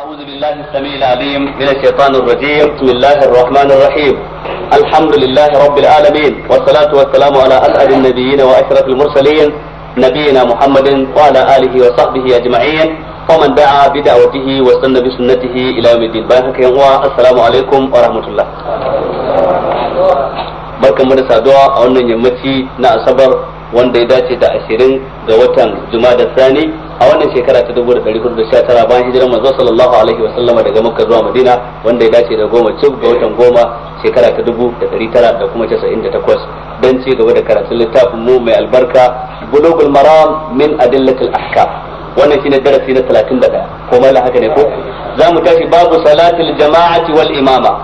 أعوذ بالله السميع العليم من الشيطان الرجيم بسم الله الرحمن الرحيم الحمد لله رب العالمين والصلاة والسلام على أسعد النبيين وأشرف المرسلين نبينا محمد وعلى آله وصحبه أجمعين ومن دعا بدعوته واستنى بسنته إلى يوم الدين بارك السلام عليكم ورحمة الله barkan mu da saduwa a wannan yammaci na asabar wanda ya dace da ashirin ga watan Jumada Sani a wannan shekara ta dubu da ɗari hudu da sha tara bayan hijiran manzo sallallahu alaihi wa sallama daga Makka zuwa Madina wanda ya dace da goma cif ga watan goma shekara ta dubu da ɗari tara da kuma casa'in da takwas don ci gaba da karatun littafin mu mai albarka bulugul maram min adillatul ahkam wannan shine darasi na talatin da ɗaya ko mala haka ne ko za mu tashi babu salatul jama'ati wal imama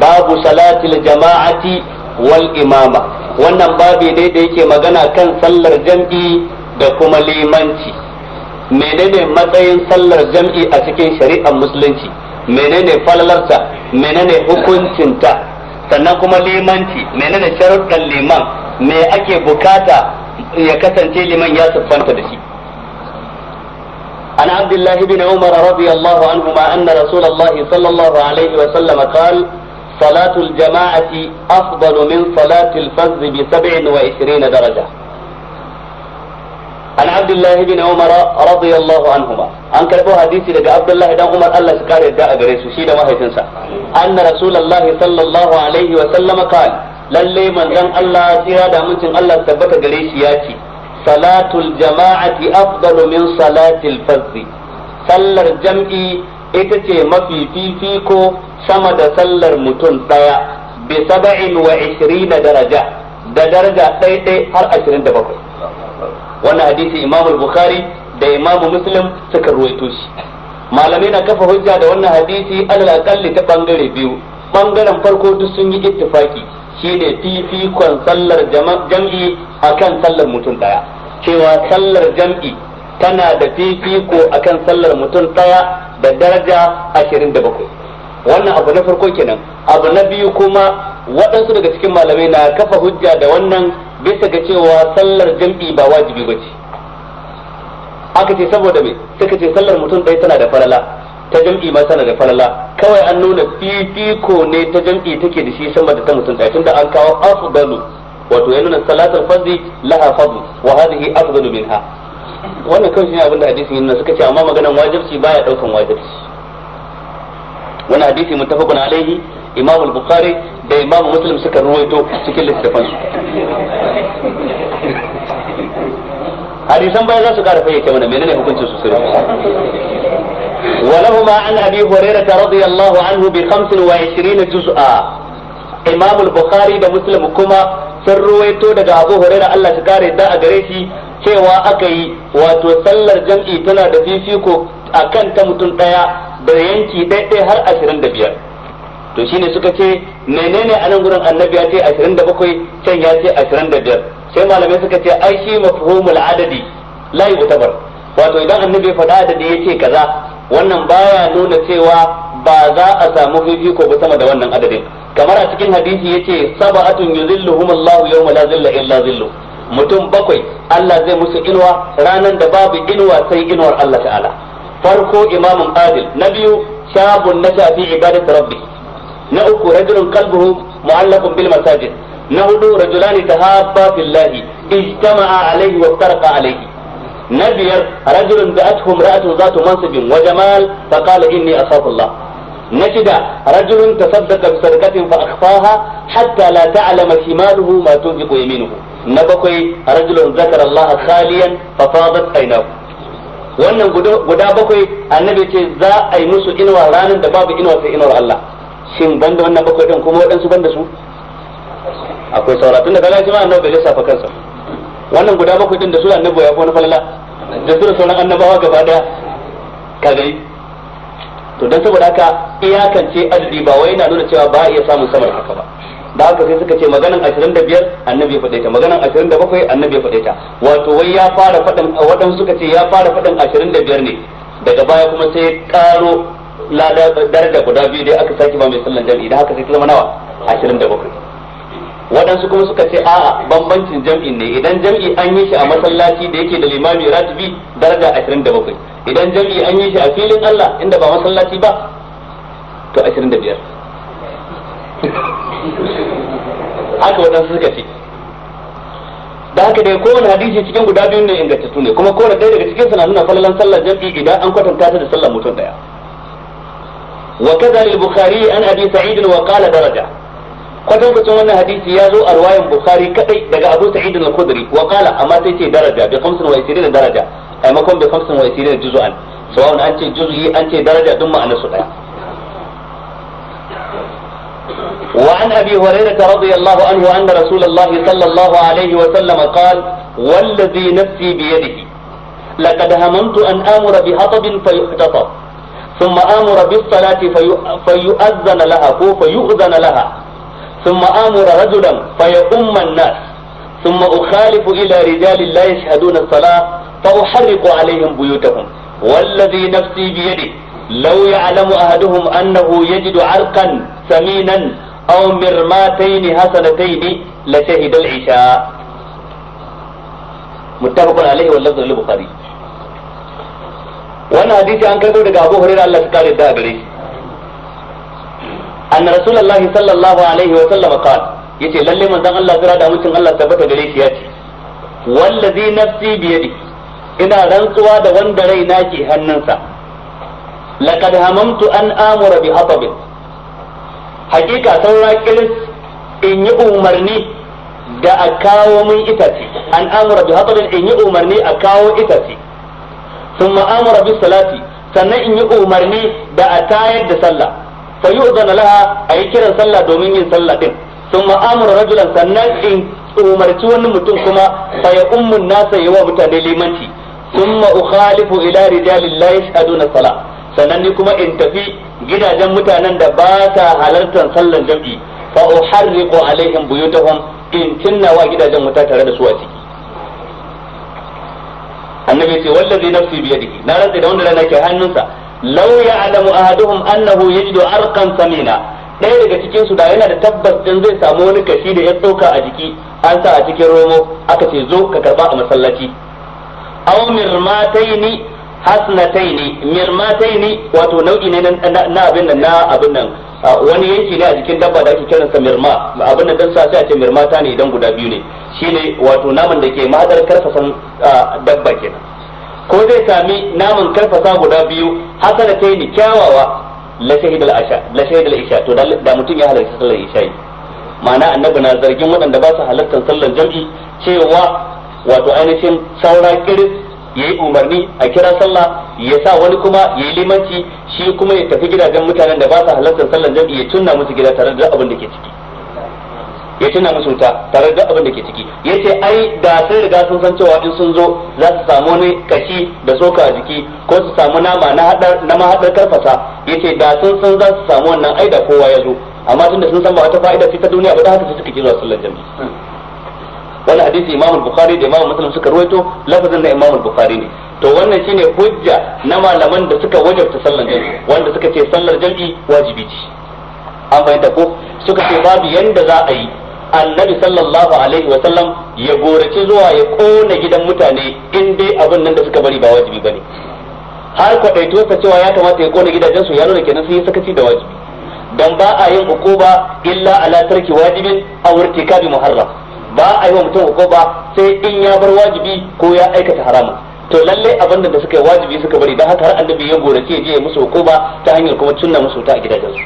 babu salatul jama'ati wal imama wannan babi ne da yake magana kan sallar jam'i da kuma limanci menene matsayin sallar jam'i a cikin shari'ar musulunci menene falalarta menene hukuncinta sannan kuma limanci menene sharuɗan liman me ake bukata ya kasance liman ya siffanta da shi عن عبد الله بن عمر رضي الله عنهما أن رسول الله صلى الله عليه وسلم قال صلاة الجماعة أفضل من صلاة الفرد بسبع وعشرين درجة عن عبد الله بن عمر رضي الله عنهما عن كتبوا حديثي لك عبد الله بن عمر الله سكار يدعى بريسو شيدا ما هيتنسى أن رسول الله صلى الله عليه وسلم قال للي من ذن الله سيرا منتن الله سبك قريش ياتي صلاة الجماعة أفضل من صلاة الفرد صلى الجمعي ita ce mafi fifiko sama da sallar mutum ɗaya bi saba'in wa ishirina daraja da daraja ɗaiɗai har ashirin da bakwai wannan hadisi imamul bukhari da imamu muslim suka ruwaito shi malamai na kafa hujja da wannan hadisi alal ta bangare biyu bangaren farko duk sun yi ittifaki shine fifikon sallar jam'i akan sallar mutum ɗaya cewa sallar jam'i tana da fifiko akan sallar mutum ɗaya da daraja ashirin da bakwai wannan abu na farko kenan abu na biyu kuma waɗansu daga cikin malamai na kafa hujja da wannan bisa ga cewa sallar jam'i ba wajibi ba ce aka ce saboda me suka ce sallar mutum ɗaya tana da falala ta jam'i ma tana da falala kawai an nuna fifiko ne ta jam'i take da shi sama da ta mutum ɗaya tunda an kawo afdalu wato ya nuna salatul fardhi laha fadl wa hadhihi afdalu minha wannan kan shine abin da hadisin yana suka ce amma maganan wajibci baya daukan wajibci wani hadisi muttafaqun alaihi imam al-bukhari da imam muslim suka ruwaito cikin littafin su hadisan baya za su kara fayyace mana menene hukuncin su sai ولهما عن ابي هريره رضي الله عنه ب 25 جزءا امام البخاري ده مسلم كما sun ruwaito daga abu huraira Allah ta kare da a gare shi cewa aka yi wato sallar jam'i tana da fifiko a kan ta mutum ɗaya da yanki ɗaiɗai har ashirin da biyar to shine suka ce menene a nan gurin annabi ya ce ashirin da bakwai can ya ce ashirin da biyar sai malamai suka ce ai shi mafhumul adadi la bar wato idan annabi ya faɗa adadi ya ce kaza wannan baya nuna cewa ba za a samu fifiko ba sama da wannan adadin kamar a cikin hadisi yace sab'atun yuzilluhum Allahu yawma la zilla illa mutum bakwai Allah zai musu inuwa ranar da babu inuwa sai inuwar Allah ta'ala farko imamun adil na biyu shabun na shafi ibadatu rabbi na uku rajulun kalbuhu mu'allaqun bil masajid na hudu rajulani tahabba fillah ijtama'a alayhi wa tarqa alayhi na biyar rajulun da'atuhum ra'atun zatu mansibin wa jamal faqala inni akhafullah na shida rajulun tasaddaqa bi sadaqatin fa akhfaha hatta la ta'lama shimaluhu ma tunfiqu yaminuhu na bakwai rajulun zakara Allah khaliyan fa fadat aynahu wannan guda bakwai annabi ce za a yi musu inuwa ranar da babu inuwa sai inuwar Allah shin banda wannan bakwai din kuma waɗansu banda su akwai saura tun da kaga shi ma annabi bai lissafa kansa wannan guda bakwai din da su annabi ya fi wani falala da su da sauran annabawa gaba daya ka gani to dan saboda haka iyakance adadi ba wai yana nuna cewa ba iya samun saman haka ba da haka sai suka ce maganan 25 annabi ya faɗe ta maganan 27 annabi ya faɗe ta wato wai ya fara faɗin waɗansu suka ce ya fara faɗin 25 ne daga baya kuma sai ƙaro lada da guda biyu dai aka saki ba mai sallan jami'i da haka sai ta zama nawa 27 waɗansu kuma suka ce a'a bambancin jam'in ne idan jam'i an yi shi a masallaci da yake da limami ratibi daraja 27 idan jam'i an yi shi a filin Allah inda ba masallaci ba to 25 haka waɗansu suka ce da haka dai kowane hadisi cikin guda biyu ne ingantattu ne kuma kowane ɗaya daga cikin suna nuna falalan sallar jam'i idan an kwatanta ta da sallar mutum ɗaya bukhari an abi sa'id wa qala daraja. kwatankwacin wannan hadisi ya zo a ruwayan bukhari kadai daga abu sa'id al-khudri wa qala amma sai ce daraja bi khamsin wa yasirin daraja ai makon bi khamsin wa yasirin juz'an sawa an ce juz'i an ce daraja duk ma'ana su daya وعن ابي هريره رضي الله عنه ان رسول الله صلى الله عليه وسلم قال والذي نفسي بيده لقد هممت ان امر بحطب فيحتطب ثم امر بالصلاه في فيؤذن لها او فيؤذن لها ثم امر رجلا فيؤم الناس ثم اخالف الى رجال لا يشهدون الصلاه فاحرق عليهم بيوتهم والذي نفسي بيده لو يعلم احدهم انه يجد عرقا ثمينا او مرماتين حسنتين لشهد العشاء متفق عليه واللفظ للبخاري وانا حديث عن كذا أبو هريره الله تعالى دا anna rasulullahi sallallahu alaihi wa sallam qala yace lalle manzon Allah tsira da mutun Allah tabbata gare shi yace wallazi nafsi ina rantsuwa da wanda raina ke hannunsa laqad hamamtu an amura bi hatabin hakika saura kiris in yi umarni da a kawo min itace an amura bi hatabin in yi umarni a kawo itace sun bi salati sannan in yi umarni da a tayar da sallah fa laha a yi kiran sallah domin yin sallah din thumma amara rajulan sannan in umarci wani mutum kuma fa ya ummun nasa yawa mutane limanci thumma ukhalifu ila rijalin la yashhaduna salah sannan ni kuma in tafi gidajen mutanen da ba sa halartar sallan jam'i fa uharriqu alaihim buyutahum in wa gidajen wuta tare da su a ciki annabi ce wallazi nafsi biyadihi na rantsa da wanda rana ke hannunsa law ya'lamu ahaduhum annahu yajidu arqan samina ɗaya daga cikin su da yana da tabbas din zai samu wani kashi da ya ɗauka a jiki an sa a cikin romo aka ce zo ka karba a masallaci aw mirmataini hasnataini mirmataini wato nau'i ne na abin nan na abin nan wani yanki ne a jikin dabba da ake kiransa mirma abin nan dan sai a ce mirmata ne idan guda biyu ne shine wato naman da ke madar karfasan dabba kenan ko zai sami naman karfasa guda biyu hasana ta ni kyawawa la shahidal la isha to da mutum ya halarci sallar isha ma'ana annabi na zargin waɗanda ba su halartar sallar jam'i cewa wato ainihin saura kiris ya yi umarni a kira sallah ya sa wani kuma ya yi limanci shi kuma ya tafi gidajen mutanen da ba su halartar sallar jam'i ya tunna musu gida tare da abin da ke ciki ya tuna musu ta tare da abin da ke ciki yace ai da sai riga sun san cewa in sun zo za su samu ne kashi da soka a jiki ko su samu nama na hadar na mahadar karfasa yace da sun san za su samu wannan ai da kowa ya zo amma tunda sun san ba wata fa'ida ce ta duniya ba da haka suka kira sallar jami'i wannan hadisi Imam Bukhari da Imam Muslim suka ruwaito lafazin na Imam Bukhari ne to wannan shine hujja na malaman da suka wajabta sallar jami'i wanda suka ce sallar jami'i wajibi ce an bayyana ko suka ce babu yanda za a yi annabi sallallahu alaihi wasallam ya goraci zuwa ya kona gidan mutane in dai abin nan da suka bari ba wajibi bane har kwadaituwarsa cewa ya kamata ya kona gidajensu ya nuna kenan sun yi sakaci da wajibi dan ba a yin hukuma illa ala tarki wajibin aw irtikabi muharram ba a yi wa mutum hukuma sai in ya bar wajibi ko ya aikata haramun to lalle abin da suka yi wajibi suka bari dan haka har annabi ya goraci ya je ya musu hukuma ta hanyar kuma tunna musu ta a gidajensu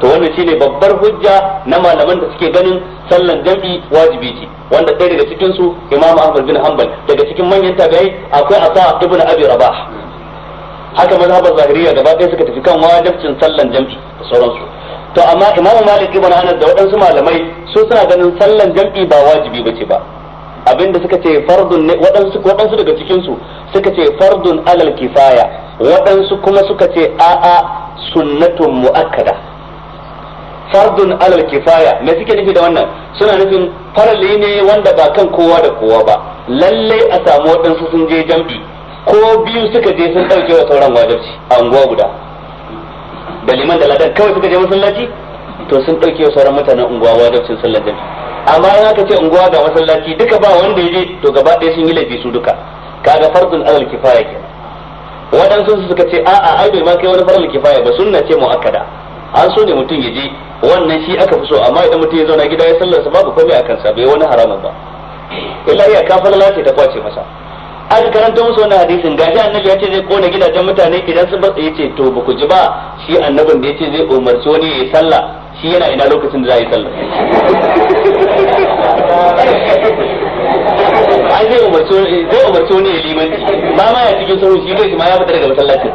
to wannan shine babbar hujja na malaman da suke ganin sallan jam'i wajibi ce wanda ɗaya daga cikin su Imam Ahmad bin Hanbal daga cikin manyan tabi'ai akwai Asa ibn Abi Rabah haka mazhabar Zahiriyya gaba ɗaya suka tafi kan wajibcin sallan jam'i da sauransu to amma Imam Malik ibn Anas da waɗansu malamai su suna ganin sallan jam'i ba wajibi bace ba abinda suka ce fardun ne waɗansu waɗansu daga cikin su suka ce fardun alal kifaya waɗansu kuma suka ce a'a sunnatun mu'akkada fardun alal kifaya me suke nufi da wannan suna nufin farali ne wanda ba kan kowa da kowa ba lalle a samu waɗansu sun je jam'i ko biyu suka je sun ɗauke wa sauran wajibci a unguwa guda da liman da ladan kawai suka je masallaci to sun ɗauke wa sauran mutanen unguwa wajibcin sallar jam'i amma in aka ce unguwa ga masallaci duka ba wanda ya je to gaba ɗaya sun yi laifi su duka kaga fardun alal kifaya kenan waɗansu suka ce a'a ai bai ma kai wani farali kifaya ba sunna ce mu'akkada an so ne mutum ya je wannan shi aka fi so amma idan mutum ya zauna gida ya sallar sa babu komai a kansa bai wani haramun ba illa iya kafin lalace ta kwace masa an karanta musu wannan hadisin gashi annabi ya ce zai kona gidajen mutane idan sun batsa ya ce to ba ku ji ba shi annabin da ya ce zai umarci wani ya yi sallah shi yana ina lokacin da za a yi sallah an zai umarci zai umarci wani ya limanci ba ma ya cikin sauri shi zai ma ya fita daga masallacin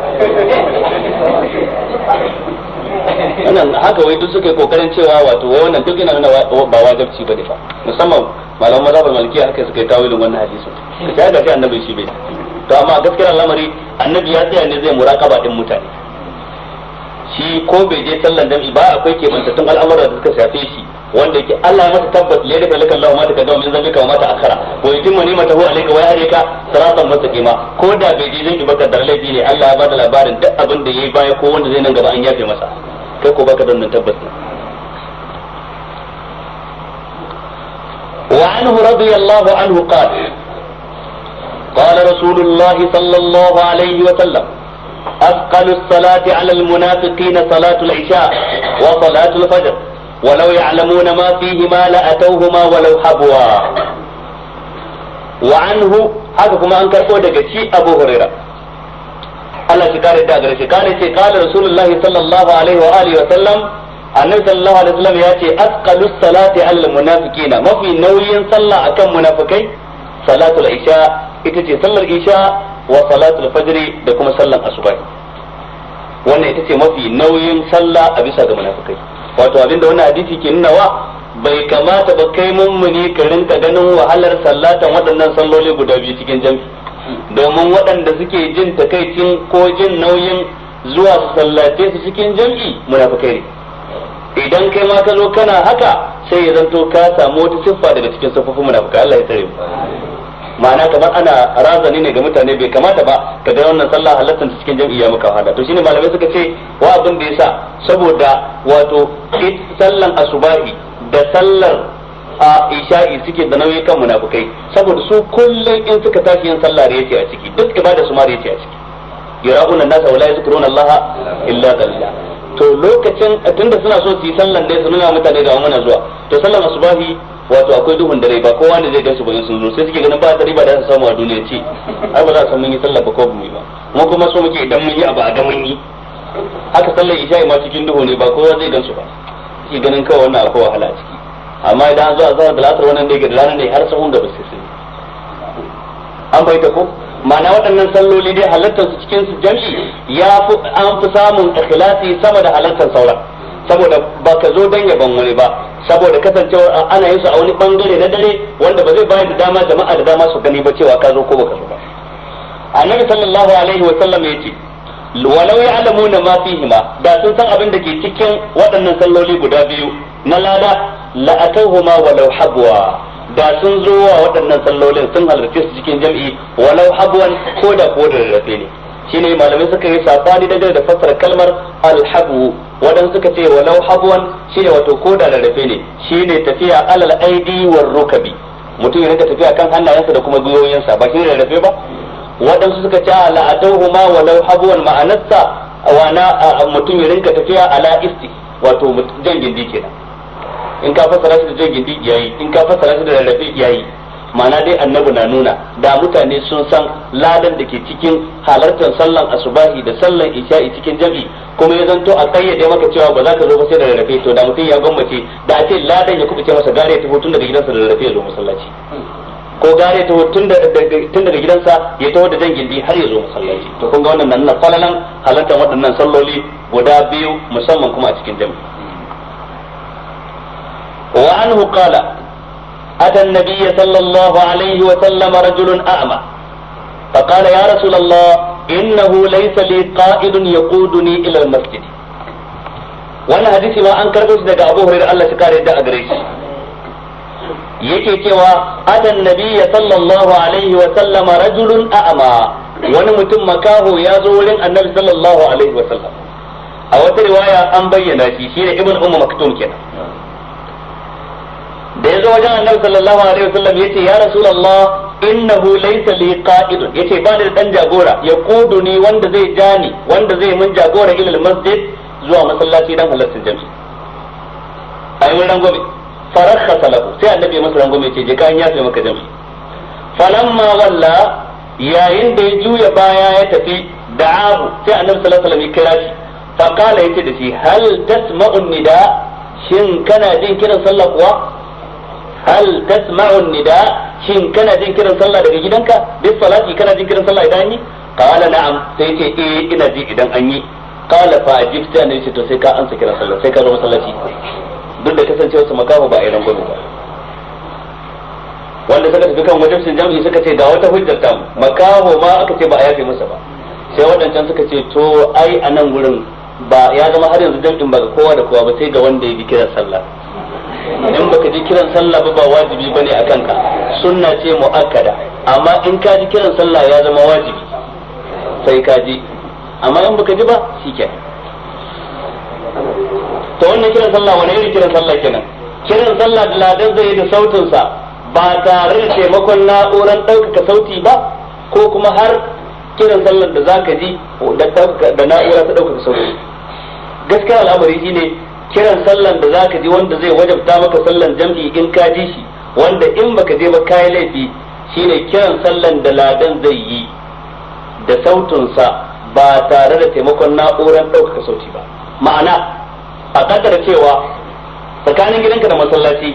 wannan haka wai duk suka yi kokarin cewa wato wannan duk yana nuna ba wajibci ba ne fa musamman malaman mazhabar malikiya haka suka yi tawilin wannan hadisi ya ga sai annabi shi bai to amma gaskiya lamari annabi ya tsaya ne zai muraqaba din mutane shi ko bai je sallan jam'i ba akwai tun al'amuran da suka shafe shi wanda yake Allah ya masa tabbas la da illa Allah ma ta kaga min zambika wa ma ta akhara mani mata ni'matahu alayka wa alayka siratan mustaqima ko da bai je zan ki baka dar laifi ne Allah ya bada labarin duk abin da yayi baya ko wanda zai nan gaba an yafe masa kai ko baka da wannan tabbas wa anhu radiyallahu anhu qala qala rasulullah sallallahu alaihi wa sallam أثقل الصلاة على المنافقين صلاة العشاء وصلاة الفجر ولو يعلمون ما فيهما لأتوهما ولو حبوا وعنه هذا كما أنكر فودك شيء أبو هريرة Allah shi kare da garshe shi kare ce kare rasulullah sallallahu alaihi wa alihi wa sallam annabi sallallahu alaihi wasallam ya ce asqalu salati al munafiqina mafi nauyin sallah akan munafikai al isha ita ce sallar isha wa al fajr da kuma sallar asubai wannan ita ce mafi nauyin sallah a bisa ga munafikai wato abinda wannan hadisi ke nuna wa bai kamata ba kai mummuni ka rinka ganin wahalar sallatan waɗannan salloli guda biyu cikin jami'i domin waɗanda suke jin takaicin ko jin nauyin zuwa su sallace su cikin jam'i munafukai ne idan kai ma ka zo kana haka sai ya zanto ka samu wata siffa daga cikin safofin munafukai Allah ya tsare mu ma'ana kamar ana razani ne ga mutane bai kamata ba ka ga wannan sallah halattar ta cikin jam'i ya muka wahala to shine malamai suka ce wa abin da yasa saboda wato sallan asubahi da sallar a isha'i suke da nauyi kan munafukai saboda su kullum in suka tashi yin sallah da yace a ciki duk ibada su ma da yace a ciki yara'una nasa wala yazkuruna Allah illa qalila to lokacin tunda suna so su yi sallan dai su nuna mutane da muna zuwa to sallan asubahi wato akwai duhun dare ba kowa ne zai gansu bayan sun zo sai suke ganin ba ta riba da su samu a duniya ce ai ba za su mun yi sallah ba ko mu yi ba mu kuma so muke idan mun yi abu a ga mun yi haka sallar isha'i ma cikin duhu ne ba kowa zai gansu ba ke ganin kawai wannan akwai wahala ciki amma idan an zo a zara da latar wannan da gidan ranar ne har sahun basu sai an bai ta ko ma'ana waɗannan salloli dai halartar su cikin su jam'i ya fi an fi samun ikhlasi sama da halartar sauran saboda ba ka zo dan yaban wani ba saboda kasancewar ana yin su a wani bangare na dare wanda ba zai bayar da dama jama'a da dama su gani ba cewa ka zo ko baka zo ba annabi sallallahu alaihi wa sallam yace walau ya'lamuna ma fihi ma da sun san abin da ke cikin waɗannan salloli guda biyu na lada la'atawhuma walau habwa ba sun zo wa waɗannan sallolin sun halarci su cikin jam'i walau habwan ko da ko da rarrafe ne shine malamai suka yi safani da da fassar kalmar alhabu wadan suka ce walau habwan shine wato ko da rarrafe ne shine tafiya alal aidi war rukabi mutum ya rinka tafiya kan hannayensa da kuma gwiwoyinsa ba shine rarrafe ba waɗansu suka ce a atawhuma walau habwan ma'anarsa wana mutum ya rinka tafiya ala isti wato jan gindi kenan in ka fassara shi da jogidi yayi in ka fassara shi da rarrafe yayi ma'ana dai annabi na nuna da mutane sun san ladan da ke cikin halartar sallan asubahi da sallan isha'i cikin jami kuma ya zanto a kayyade maka cewa ba za ka zo ba sai da rarrafe to da mutum ya gwammace da a ce ladan ya kubuce masa gare ta hutun daga gidansa da rarrafe ya zo masallaci ko gare ta tun daga gidansa ya taho da jan gindi har ya zo masallaci to kun ga wannan nan falalan halartar waɗannan salloli guda biyu musamman kuma a cikin jami'a. وعنه قال أتى النبي صلى الله عليه وسلم رجل أعمى فقال يا رسول الله إنه ليس لي قائد يقودني إلى المسجد wannan hadisi ma an karɓo shi daga Abu Hurairah Allah shi kare da a gare shi yake cewa adan nabiyya sallallahu alaihi wa sallama rajulun a'ma wani mutum makaho ya zo wurin annabi sallallahu alaihi wa sallam a wata riwaya an bayyana shi shine ibn ummu maktum kenan da zo wajen annabi sallallahu alaihi wasallam yace ya rasulullah innahu laysa li ya yace ba da dan jagora ya kudu ni wanda zai ja ni wanda zai mun jagora ilal masjid zuwa masallaci dan halartar jami'i ayi mun rangwame farakha salahu sai annabi masa rangwame yace je kan ya sai maka jami'i falamma walla yayin da ya juya baya ya tafi da'ahu sai annabi sallallahu alaihi wasallam ya kira shi fa qala yace da shi hal tasma'u nida shin kana jin kiran sallah kuwa hal tasma'u nida shin kana jin kiran sallah daga gidanka bis salati kana jin kiran sallah idan yi qala na'am sai ce eh ina ji idan an yi qala fa ajibta ne ce to sai ka ansa kiran sallah sai ka zo masallaci duk da kasancewar su makafa ba a yi rangwame ba wanda suka tafi kan wajibcin jam'i suka ce ga wata hujjar ta makaho ma aka ce ba a yafe masa ba sai waɗancan suka ce to ai a nan gurin ba ya zama har yanzu jam'in ba ga kowa da kowa ba sai ga wanda ya bi kiran sallah in baka ji kiran sallah ba ba wajibi bane a kanka sunna ce muakkada amma in ka ji kiran sallah ya zama wajibi sai ka ji amma in baka ji ba shikenan to wannan kiran sallah wani irin kiran sallah kenan kiran sallah da ladan zai yi da sautin sa ba tare da taimakon na'urar ɗaukaka sauti ba ko kuma har kiran sallar da zaka ji da na'ura ta ɗaukaka sauti gaskiya al'amari shine kiran sallan da zaka ji wanda zai wajabta maka sallan jam'i in ka ji shi wanda in baka je ba kai laifi shine kiran sallan da ladan zai yi da sautunsa ba tare da taimakon na'urar ɗaukaka sauti ba ma'ana a kaddara cewa tsakanin gidanka da masallaci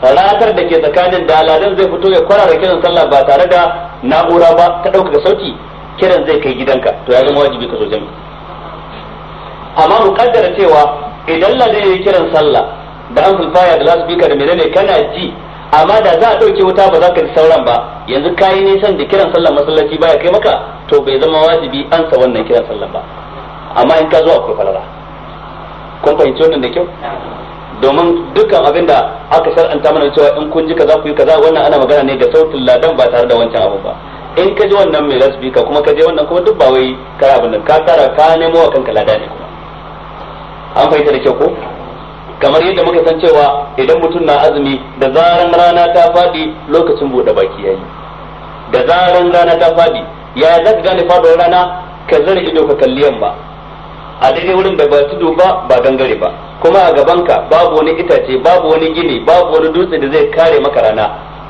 ratar da ke tsakanin da ladan zai fito ya da kiran sallah ba tare da na'ura ba ta ɗaukaka sauti kiran zai kai gidanka to ya zama wajibi ka zo jami'i amma mu kaddara cewa idan la zai yi kiran sallah da amplifier da speaker da menene kana ji amma da za a ɗauke wuta ba za ka ji sauran ba yanzu ka yi nisan da kiran sallah masallaci baya kai maka to bai zama wajibi an sa wannan kiran sallah ba amma in ka zo a falala kun fahimci wannan da kyau domin dukkan abin da aka shar'anta mana cewa in kun ji kaza ku yi kaza wannan ana magana ne ga sautin ladan ba tare da wancan abu ba in ka ji wannan mai lasbika kuma ka je wannan kuma duk ba wai kara abin ka tara ka nemo wa kanka lada ne kuma an fahimta da kyau ko kamar yadda muka san cewa idan mutum na azumi da zaran rana ta faɗi lokacin buɗe baki yayi da zaran rana ta faɗi ya za ka gane faɗuwar rana ka zara ido ka kalli yamma a daidai wurin da ba tudu ba ba gangare ba kuma a gabanka babu wani itace babu wani gini babu wani dutse da zai kare maka rana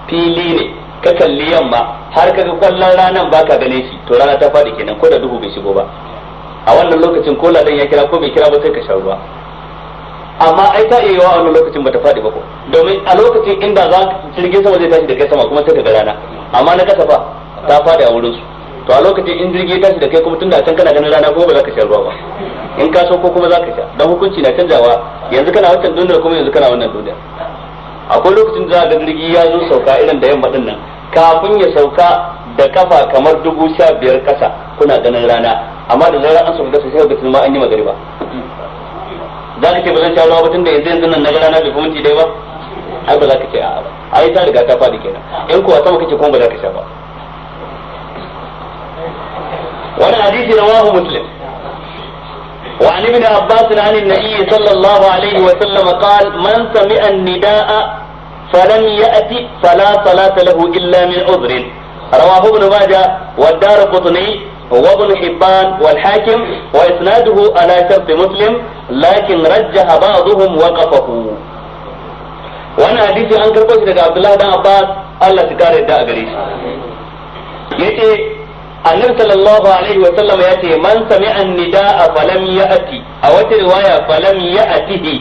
fili ne ka kalli yamma har ka kaga kwallon ranan baka gane shi to rana ta faɗi kenan ko da duhu bai shigo ba a wannan lokacin ko ladan ya kira ko bai kira ba sai ka sha ruwa amma ai ta iya yawa a wannan lokacin bata faɗi ba ko domin a lokacin inda za ka jirgin sama zai tashi da kai sama kuma sai ka ga rana amma na kasa ba ta faɗi a wurin su to a lokacin in jirgi tashi da kai kuma tun da can kana ganin rana ko ba za ka sha ruwa ba in ka so ko kuma za ka sha dan hukunci na canjawa yanzu kana wancan duniyar kuma yanzu kana wannan duniyar akwai lokacin da za ga jirgi ya zo sauka irin da yamma din nan kafin ya sauka da kafa kamar dubu sha biyar kasa kuna ganin rana amma da zarar an samu da sai ga tilma an yi magariba za ka ce ba zan sha ba tunda yanzu yanzu nan na ga na bai fi minti dai ba ai ba za ka ce a'a ba ai ta riga ta faɗi kenan in kuwa sama kake kuma ba za ka sha ba wannan hadisi rawahu muslim وعن ابن عباس عن النبي صلى الله عليه وسلم قال من سمع النداء فلم يأتي فلا صلاة له إلا من عذر رواه ابن ماجه والدار قطني وابن حبان والحاكم وإسناده على شرط مسلم لكن رجح بعضهم وقفه وانا حديثي عن كربوش لك عبد الله بن عباس الله تكاري الداء قريش يتي النبي صلى الله عليه وسلم يأتي من سمع النداء فلم يأتي أو رواية فلم يأته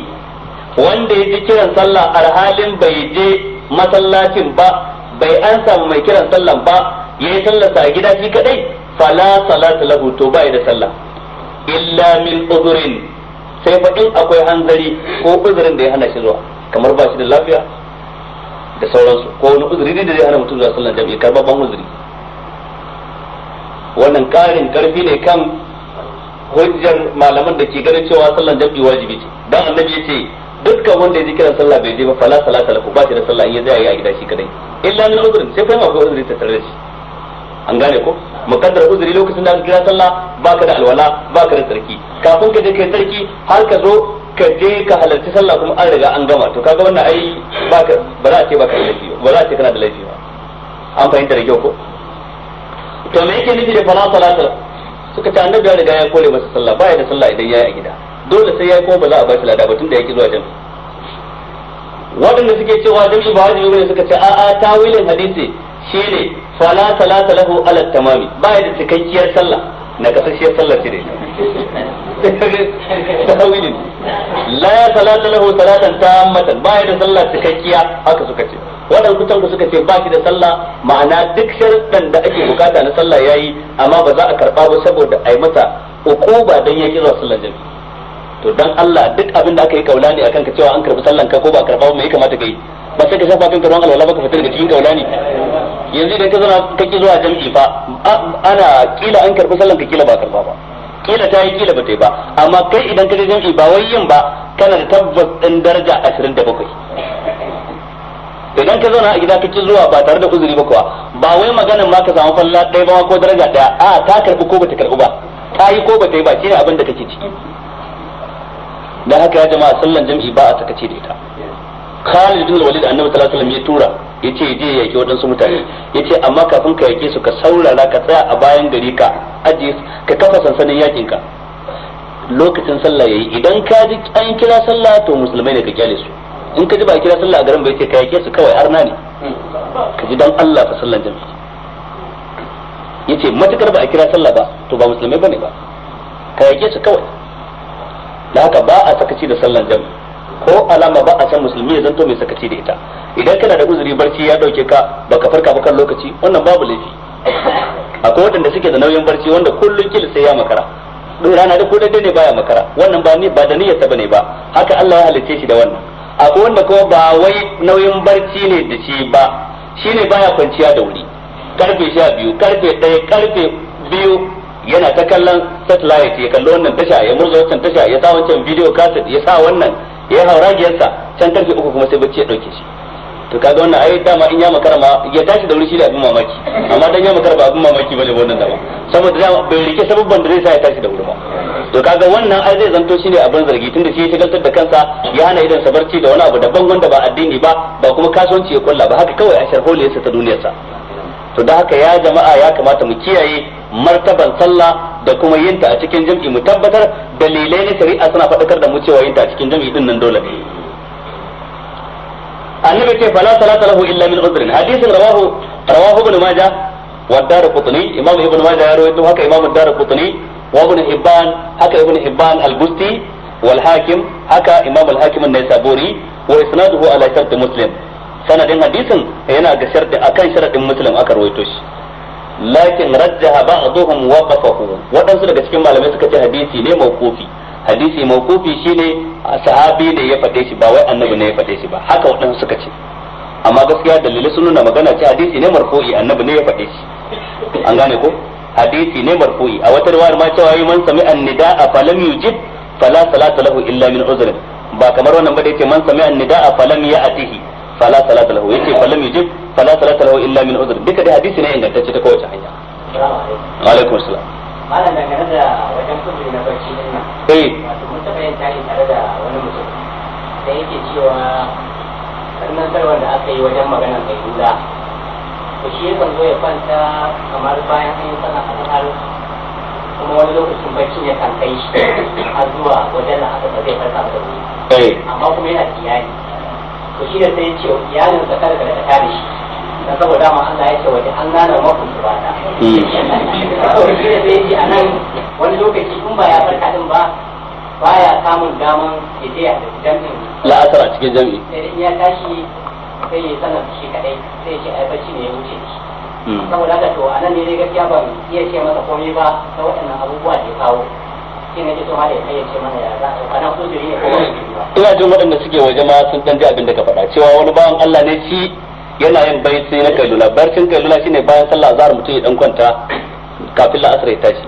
wanda ya ji kiran sallah alhalin bai je masallacin ba bai an samu mai kiran sallan ba ya yi sallarsa a gida shi kadai fala salata lahu to bai da sallah illa min udhrin sai fa in akwai hanzari ko uzurin da ya hana shi zuwa kamar ba shi da lafiya da sauransu ko wani uzuri ne da zai hana mutum zuwa sallan jami'i ban uzuri wannan karin karfi ne kan hujjar malaman da ke ganin cewa sallan jami'i wajibi ce dan annabi ya ce dukkan wanda ya ji kiran sallah bai je ba fala salata lahu ba shi da sallah in ya zai yi a gida shi kadai illa min uzurin sai fa ma akwai uzuri ta tare da shi an gane ko muqaddar uzuri lokacin da an kira sallah baka da alwala baka da sarki kafin ka je kai sarki har ka zo ka je ka halarci sallah kuma an riga an gama to kaga wannan ai baka ba za ce baka laifi ba za ce kana da laifi ba an fahimta da kyau ko to me yake nufi da fala salata suka ta annabi ya riga ya kore masa sallah baya da sallah idan yayi a gida dole sai yayi koma ba za a ba shi lada ba tunda yake zuwa jami'a waɗanda suke cewa jami'a ba wajibi ne suka ce a'a tawilin hadisi shine fala salata lahu ala tamami ba da cikakkiyar sallah na kasashiyar sallah shi ne tawilin la salata lahu salatan tammatan ba da sallah cikakkiya haka suka ce wadan kutan ku suka ce ba shi da sallah ma'ana duk sharuɗan da ake bukata na sallah yayi amma ba za a karba ba saboda ai mata ukuba dan ya kira sallah jami'i to dan Allah duk abin da aka yi kaulani akan ka cewa an karbi sallan ka ko ba karba ba me ya kamata kai ba sai ka shafa kanka ruwan alwala ba ka fita daga cikin kaulani yanzu idan ka zana ka ki zuwa jam'i fa ana kila an karbi sallan ka kila ba karba ba kila ta yi kila ba ta yi ba amma kai idan ka je jam'i ba wai yin ba kana da tabbas din daraja 27 idan ka zauna a gida ka ci zuwa ba tare da uzuri ba kuwa ba wai maganin ma ka samu falla ɗaya ba ko daraja ɗaya a ta karbi ko bata karbi ba ta yi ko bata yi ba ne abin da kake ciki dan haka ya jama'a sallan jam'i ba a sakace da ita Khalid bin Walid annabi sallallahu alaihi wasallam ya tura yace je ya yake wadansu mutane yace amma kafin ka yake su ka saurara ka tsaya a bayan gari ka aje ka kafa sansanin yakin ka lokacin sallah yayi idan ka ji an kira sallah to musulmai ne ka kyale su in ka ji ba kira sallah a garin bai ce ka yake su kawai arna ne ka ji dan Allah ka sallan jami'a yace matukar ba a kira sallah ba to ba musulmai bane ba ka yake su kawai da haka ba a sakaci da sallan jami'a. ko alama ba a can musulmi ya zanto mai sakaci da ita idan kana da uzuri barci ya dauke ka baka farka ba kan lokaci wannan babu laifi akwai wadanda suke da nauyin barci wanda kullun kil sai ya makara rana da kullun ne baya makara wannan ba ni ba da niyyar ta bane ba haka Allah ya halicce shi da wannan akwai wanda kuma ba wai nauyin barci ne da shi ba shine baya kwanciya da wuri karfe 12 karfe 1 karfe 2 yana ta kallon satellite ya kalli wannan tasha ya murza wancan tasha ya sa wancan video cassette ya sa wannan ya haura giyarsa can karfe uku kuma sai bacci ya dauke shi to kaga wannan ai dama in ya makara ma ya tashi da wuri shi da abin mamaki amma dan ya makara ba abin mamaki bane wannan dama saboda dama bai rike sababban da zai sa ya tashi da wuri ba to kaga wannan ai zai zanto shine abin zargi tunda shi ya shagaltar da kansa ya hana idan sabarci da wani abu daban wanda ba addini ba ba kuma kasuwanci ya kulla ba haka kawai a sharholiyarsa ta duniyarsa to da haka ya jama'a ya kamata mu kiyaye martaban sallah da kuma yinta a cikin jam'i mu tabbatar dalilai na shari'a suna faɗakar da mu cewa yinta a cikin jam'i din nan dole ne annabi ce fala salata lahu illa min udhrin hadisin rawahu rawahu ibn majah wa darqutni imam ibn majah ya rawaito haka imam darqutni wa ibn hibban haka ibn hibban al-busti wal hakim haka imam al-hakim an-naisaburi wa isnaduhu ala shart muslim sanadin hadisin yana ga sharɗin akan sharadin muslim aka rawaito shi lakin rajjaha ba'dhum waqafahu waɗansu daga cikin malamai suka ce hadisi ne mawqufi hadisi mawqufi shine sahabi da ya fade shi ba wai annabi ne ya fade shi ba haka waɗansu suka ce amma gaskiya dalilai sun nuna magana ce hadisi ne marfu'i annabi ne ya fade shi an gane ko hadisi ne marfu'i a wata riwayar ma cewa man sami fa lam yujib fala salata lahu illa min uzrin ba kamar wannan ba da yake man sami fa lam ya'tihi fala salata lahu yace falam yujib fala salata lahu illa min udhr duka da hadisi ne ingantacce ta kowace hanya wa alaikum assalam malam dangane da wajen kudi na barci din nan eh wato mun taba yin tare da wani mutum da yake cewa sannan tarwar da aka yi wajen magana kai kula to shi yakan zo ya kwanta kamar bayan an yi sana al'ar kuma wani lokacin barci ya kan kai shi har zuwa wajen da aka zai farka da wuri eh. amma kuma yana tiyari to shi da sai ce iyalin iyalinsa kada ka ta da shi dan saboda ma Allah ya ce wa an ma maku ba ta shi da sai ji anan wani lokaci kun ba ya farka din ba baya samun daman ya da a jami'in la'asar a cikin jami'i sai in ya tashi sai ya sanar da shi kadai sai ya ce ai bacci ne ya wuce shi hmm. saboda haka to anan ne dai gaskiya ban iya ce masa komai ba ta waɗannan abubuwa da ya kawo ina jin waɗanda suke waje ma sun ɗan ji abin da ka faɗa cewa wani bawan Allah ne shi yana yin baiti na kailula barcin kailula shine bayan sallah azhar mutum ya dan kwanta kafin la'asar ya tashi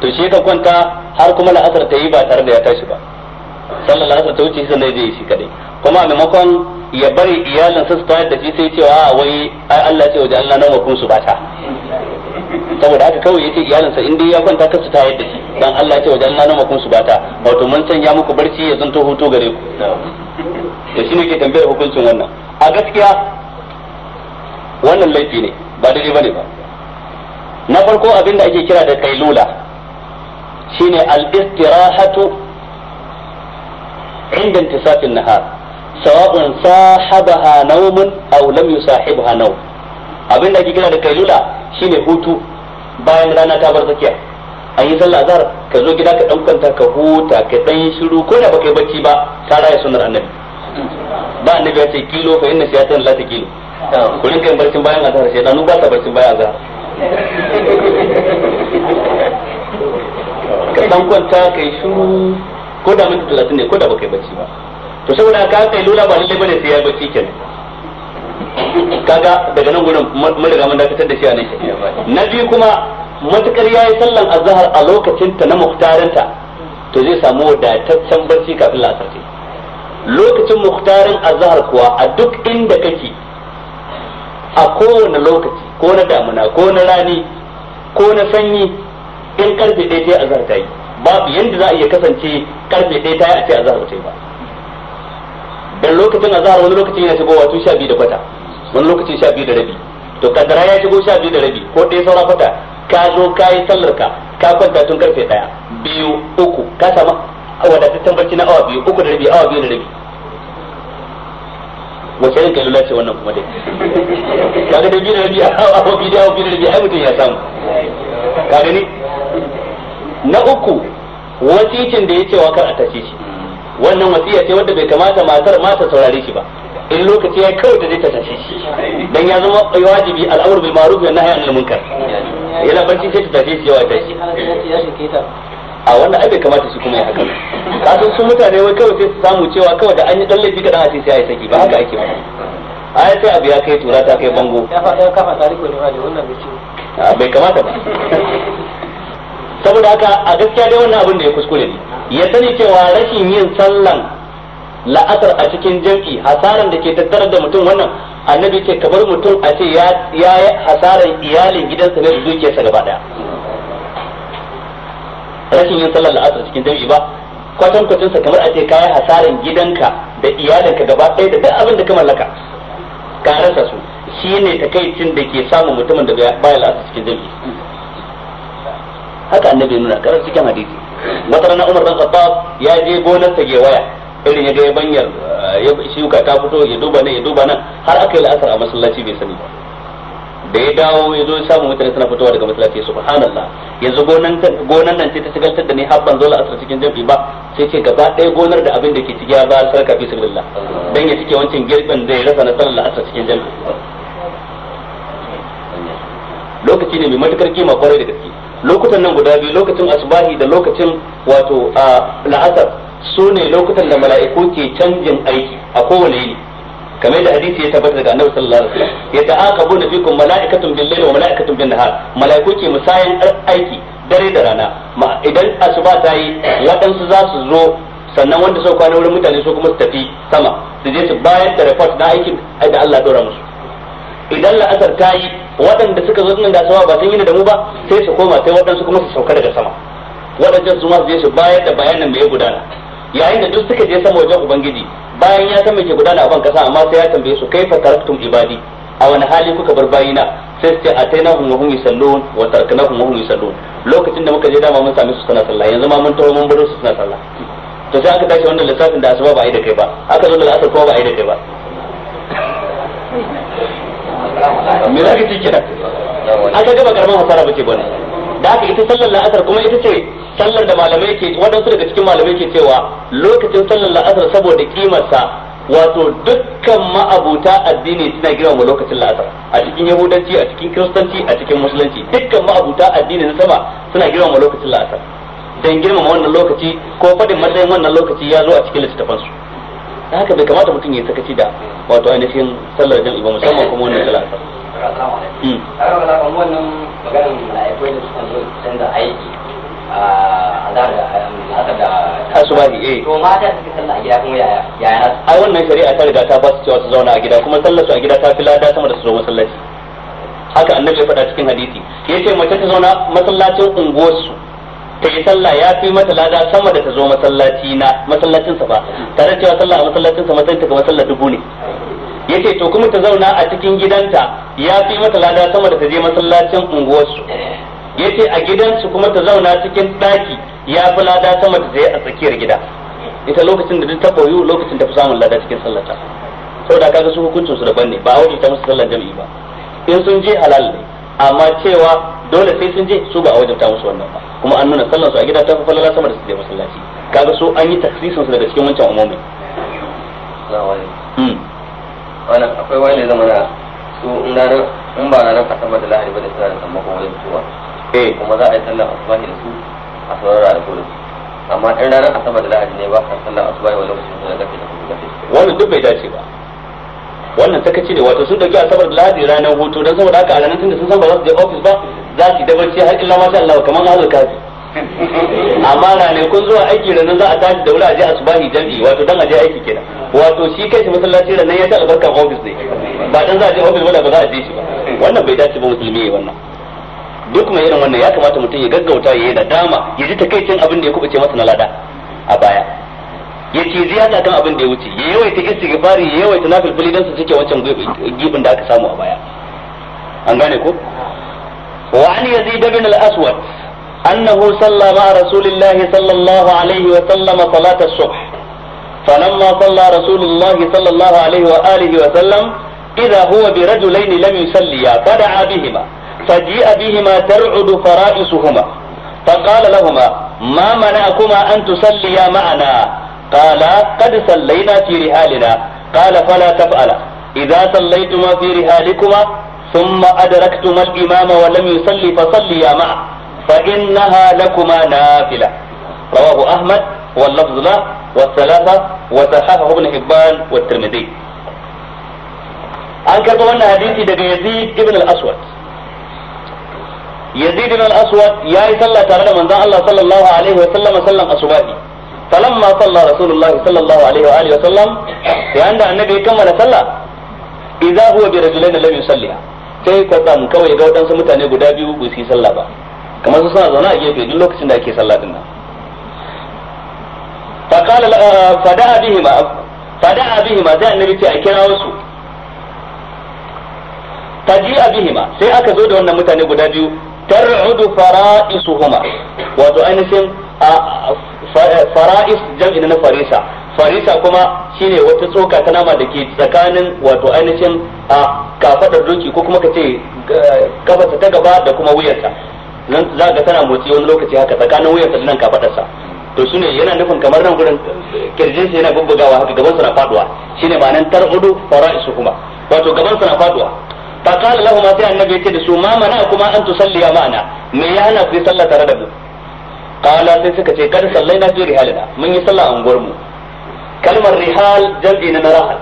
to shi ka kwanta har kuma la'asar ta yi ba tare da ya tashi ba sallar la'asar ta wuce sannan zai yi shi kadai kuma a maimakon ya bari iyalinsa su tayar da shi sai cewa wai ai Allah ce waje Allah nawa kun su bata saboda haka kawai yace iyalinsa in dai ya kwanta ta ta yadda shi dan Allah ya ce wajen na nama kun su bata wato mun sanya muku barci ya zanto hutu gare ku to shine ke tambayar hukuncin wannan a gaskiya wannan laifi ne ba daidai bane ba na farko abin da ake kira da kailula shine al-istirahatu inda intisafin nahar sawa'un sahabaha nawmun aw lam yusahibha nawm abin da ake kira da kailula shine hutu bayan rana ta bar tsakiya an yi sallah azhar ka zo gida ka dan kwanta ka huta ka dan shiru ko da baka yi bacci ba ka raya sunnar annabi ba annabi ya ce kilo fa inna na la takilu ku rinka yin barcin bayan azhar shaytanu ba ta barcin bayan azhar ka dan kwanta ka yi shiru ko da minti 30 ne ko da baka yi bacci ba to saboda ka kai ba lalle bane sai ya bacci kenan kaga daga nan gurin mun riga mun dakatar da shi a nan na biyu kuma matukar yayi sallan azhar a lokacin ta na muktarinta to zai samu wadataccen barci kafin la'asar ce lokacin muhtarin azhar kuwa a duk inda kake a kowane lokaci ko na damuna ko na rani ko na sanyi in karfe ɗaya ta yi azhar ta yi babu yadda za a iya kasance karfe ɗaya ta yi a ce azhar ta yi ba dan lokacin azhar wani lokaci yana shigowa tun sha biyu da kwata wani lokacin sha biyu da rabi to kaddara ya shigo sha biyu da rabi ko ɗaya saura kwata ka zo ka yi sallar ka ka kwanta tun karfe ɗaya biyu uku ka samu wadataccen barci na awa biyu uku da rabi awa biyu da rabi wace rinka kalula ce wannan kuma dai kaga da biyu da rabi awa biyu da awa biyu da rabi ai mutum ya samu ka gani na uku wasicin da ya ce wa kar a tashe shi wannan wasiya ce wadda bai kamata matar ma ta saurare shi ba in lokaci ya kawai da zai ta tashi dan ya zama wajibi al'amr bil ma'ruf wa nahy anil munkar yana barci sai ta tashi yawa ta shi a wanda ai bai kamata shi kuma ya haka ka san su mutane wai kawai sai su samu cewa kawai da an yi dalle laifi kadan a ce sai ai saki ba haka ake ba ai sai abu ya kai tura ta kai bango ya fa kafa tarihi ne ma da wannan bai kamata ba saboda haka a gaskiya dai wannan abin da ya kuskure ne ya sani cewa rashin yin sallan la'asar a cikin jam'i hasaran da ke tattare da mutum wannan annabi ce kamar mutum a ce ya yi hasaran iyalin gidansa ne da dukiyarsa gaba daya rashin yin sallan la'asar cikin jam'i ba kwatan kwatansa kamar a ce kayi hasaran gidanka da iyalinka gaba ɗaya da duk abin da ka mallaka ka rasa su shine takaicin da ke samun mutumin da baya la'asar cikin jam'i haka annabi nuna karar cikin hadisi wata rana Umar bin Khattab ya je gonar ta gewaya irin ya ga yabanyar eh, ya shuka ta fito ya duba nan ya duba nan har aka yi la'asar a masallaci bai sani ba da ya dawo ya zo samu mutane suna fitowa daga masallaci subhanallah yanzu gonan nan ta shigaltar da ni har ban zo la'asar cikin jami'i ba sai ce gaba ɗaya gonar da abin da ke ciki ya ba sarka fi sabilillah dan ya cike wancan girbin zai rasa na sallar la'asar cikin jami'i lokaci ne mai matukar kima kwarai da gaske lokutan nan guda biyu lokacin asubahi da lokacin wato a la'asar su ne lokutan da mala'iku ke canjin aiki a kowane yini kame da hadisi ya tabbata daga annabi sallallahu alaihi wasallam ya ta'aqabu na fikum mala'ikatun bil layli wa mala'ikatun bin nahar mala'iku ke musayan aiki dare da rana idan asuba ta yi waɗansu za su zo sannan wanda suka kwana wurin mutane su kuma su tafi sama su je su bayar da report na aikin da Allah ya dora musu idan la'asar ta yi waɗanda suka zo nan da sama ba sun yi da mu ba sai su koma sai waɗansu kuma su sauka daga sama waɗancan su ma su je su bayar da bayanin da ya gudana yayin da duk suka je sama wajen ubangiji bayan ya san me ke gudana a ban kasa amma sai ya tambaye su kaifa taraktum ibadi a wani hali kuka bar bayina sai su ce a kuma wa hum yusallun wa na kuma hum yusallun lokacin da muka je dama mun sami su suna sallah yanzu ma mun taho mun bar su suna sallah to sai aka tashi wannan lissafin da asuba ba a yi da kai ba aka zo da asar kuma ba a yi da kai ba me za ka ce kenan an ka gaba karamar hasara ba bace bane da haka ita sallar la'asar kuma ita ce sallar da malamai ke wadansu daga cikin malamai ke cewa lokacin sallar la'asar saboda kimarsa wato dukkan ma'abuta addini suna girma girmama lokacin la'asar a cikin yahudanci a cikin kiristanci a cikin musulunci dukkan ma'abuta addini na sama suna girma girmama lokacin la'asar dan girmama wannan lokaci ko faɗin matsayin wannan lokaci ya zo a cikin littattafansu da haka bai kamata mutum ya sakaci da wato ainihin sallar jan ibo musamman kuma wannan sallar asar hmm. wannan maganin mala'ikai da suka zo canza aiki ai wannan shari'a ta riga ta ba su cewa su zauna a gida kuma sallar su a gida ta fi lada sama da su zo masallaci haka annabi ya faɗa cikin hadisi yace mace ta zauna masallacin unguwar su ta yi sallah ya fi mata lada sama da ta zo masallaci na masallacin sa ba tare cewa sallah a masallacin sa ta kamar sallah dubu ne yace to kuma ta zauna a cikin gidanta ya fi mata lada sama da ta je masallacin unguwarsu yace a gidansu kuma ta zauna cikin daki ya fi lada sama da ta je a tsakiyar gida ita lokacin da ta koyu lokacin da fi samun lada cikin sallata saboda kaga su hukuncin su daban ne ba a wajen ta musu sallar jami'i ba in sun je halal ne amma cewa dole sai sun je su ba a ta musu wannan ba kuma an nuna sallan su a gida ta fi falala sama da su je masallaci kaga so an yi taksisin su daga cikin wancan umumin hmm. wannan akwai wanda zama na su in ranar in ba ranar asabar da lahadi ba da suna da sammakon wajen cewa eh kuma za a yi sallar asubahi da su a sauran ranaku da su amma in ranar asabar da lahadi ne ba a sallar asubahi wani lokacin da gafe da kuma gafe wannan duk bai dace ba wannan ta kace ne wato sun dauki asabar da lahadi ranar hutu don saboda haka a ranar tunda sun san ba za su je ofis ba za su dabarci har illa masha Allah kamar hazul kafi amma kun zuwa aiki ranar za a tashi da wuri a je asubahi jam'i wato dan a je aiki kenan wato shi kai shi masallaci ranar ya ta albarkan ofis ne ba dan za a je office ba da ba za a je shi ba wannan bai dace ba musulmi ne wannan duk mai irin wannan ya kamata mutum ya gaggauta ya yi da dama ya ji takaicin abin da ya kubuce masa na lada a baya ya ce ziyada kan abin da ya wuce ya yawaita istighfari ya yawaita nafilfili dan su cike wancan gibin da aka samu a baya an gane ko wa an yazid bin al-aswad annahu salla ma rasulillah sallallahu alaihi wa sallama salat as-subh falamma salla rasulullah sallallahu alaihi wa alihi wa sallam idha huwa bi rajulayn lam yusalliya fada'a bihima فجيء بهما ترعد فرائسهما فقال لهما ما منعكما أن تصليا معنا قال قد صلينا في رحالنا قال فلا تفعل إذا صليتما في رحالكما ثم أدركتما الإمام ولم يصلي فصليا معه فإنها لكما نافلة رواه أحمد واللفظ له والثلاثة وصححه ابن حبان والترمذي an karɓi wannan hadisi daga yazid ibn al-aswad yazid ibn al-aswad من yi الله صلى الله عليه وسلم وسلم alaihi falamma salla rasulullahi sallallahu alaihi wa alihi wa sallam yayin da annabi ya kammala sallah idza huwa bi sai kwatsam kawai ga mutane guda biyu ba su yi sallah ba kamar su suna zaune a gefe duk lokacin da ake sallah din nan فقال فدعا بهما فدعا بهما ده النبي تي اكرا وسو فجيء بهما sai aka zo da wannan mutane guda biyu tar'udu fara'isuhuma wato ainihin Eh, fara'is jam'i na farisa farisa kuma shine wata tsoka ta nama da ke tsakanin wato ainihin a kafadar doki ko kuma kace kafarsa ta gaba da kuma wuyarsa nan za ga tana motsi wani lokaci haka tsakanin wuyarsa da nan kafadarsa to shine yana nufin kamar nan gurin kirjin sa yana bubbugawa haka gaban sa na faduwa shine ma'anan tarhudu fara'isu kuma wato gaban sa na faduwa fa qala lahum sai annabi ce da su ma mana kuma an tusalliya ma'ana me ya hana ku sallah tare da mu kala sai suka ce kada sallai na fi rihalina mun yi sallah a unguwar mu kalmar rihal jam'i na rahal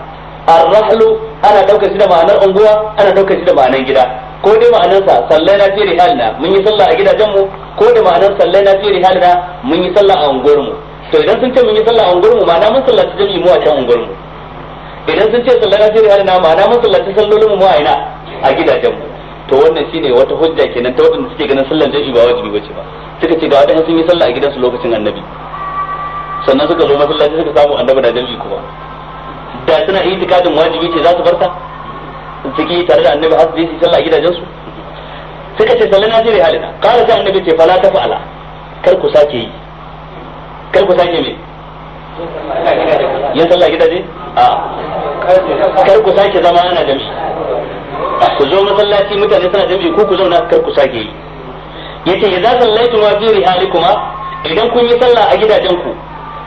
ar-rahlu ana daukar shi da ma'anar unguwa ana daukar shi da ma'anar gida ko dai ma'anarsa na fi rihalina mun yi sallah a gidajen mu ko da ma'anar sallai na fi rihalina mun yi sallah a unguwar mu to idan sun ce mun yi sallah a unguwar mu ma'ana mun sallaci jam'i mu a can unguwar mu idan sun ce sallai na fi rihalina ma'ana mun sallaci sallolin mu a ina a gidajen mu to wannan shine wata hujja kenan ta wadanda suke ganin sallar jam'i ba wajibi bace ba suka ce ga wadanda sun yi sallah a gidansu lokacin annabi sannan suka zo masallaci suka samu annabi da dalili kuma da suna yi tikadin wajibi ce za su barta suke tare da annabi har su sallah a gidajensu suka ce sallan najeriya halina kala sai annabi ce fala ta fa'ala kar ku sake yi kar ku sake me yin sallah gidaje a kar ku sake zama ana jami'i ku zo masallaci mutane suna jami'i ku ku zauna kar ku sake yi yace idza sallaitum fi rihalikuma idan kun yi sallah a gidajen ku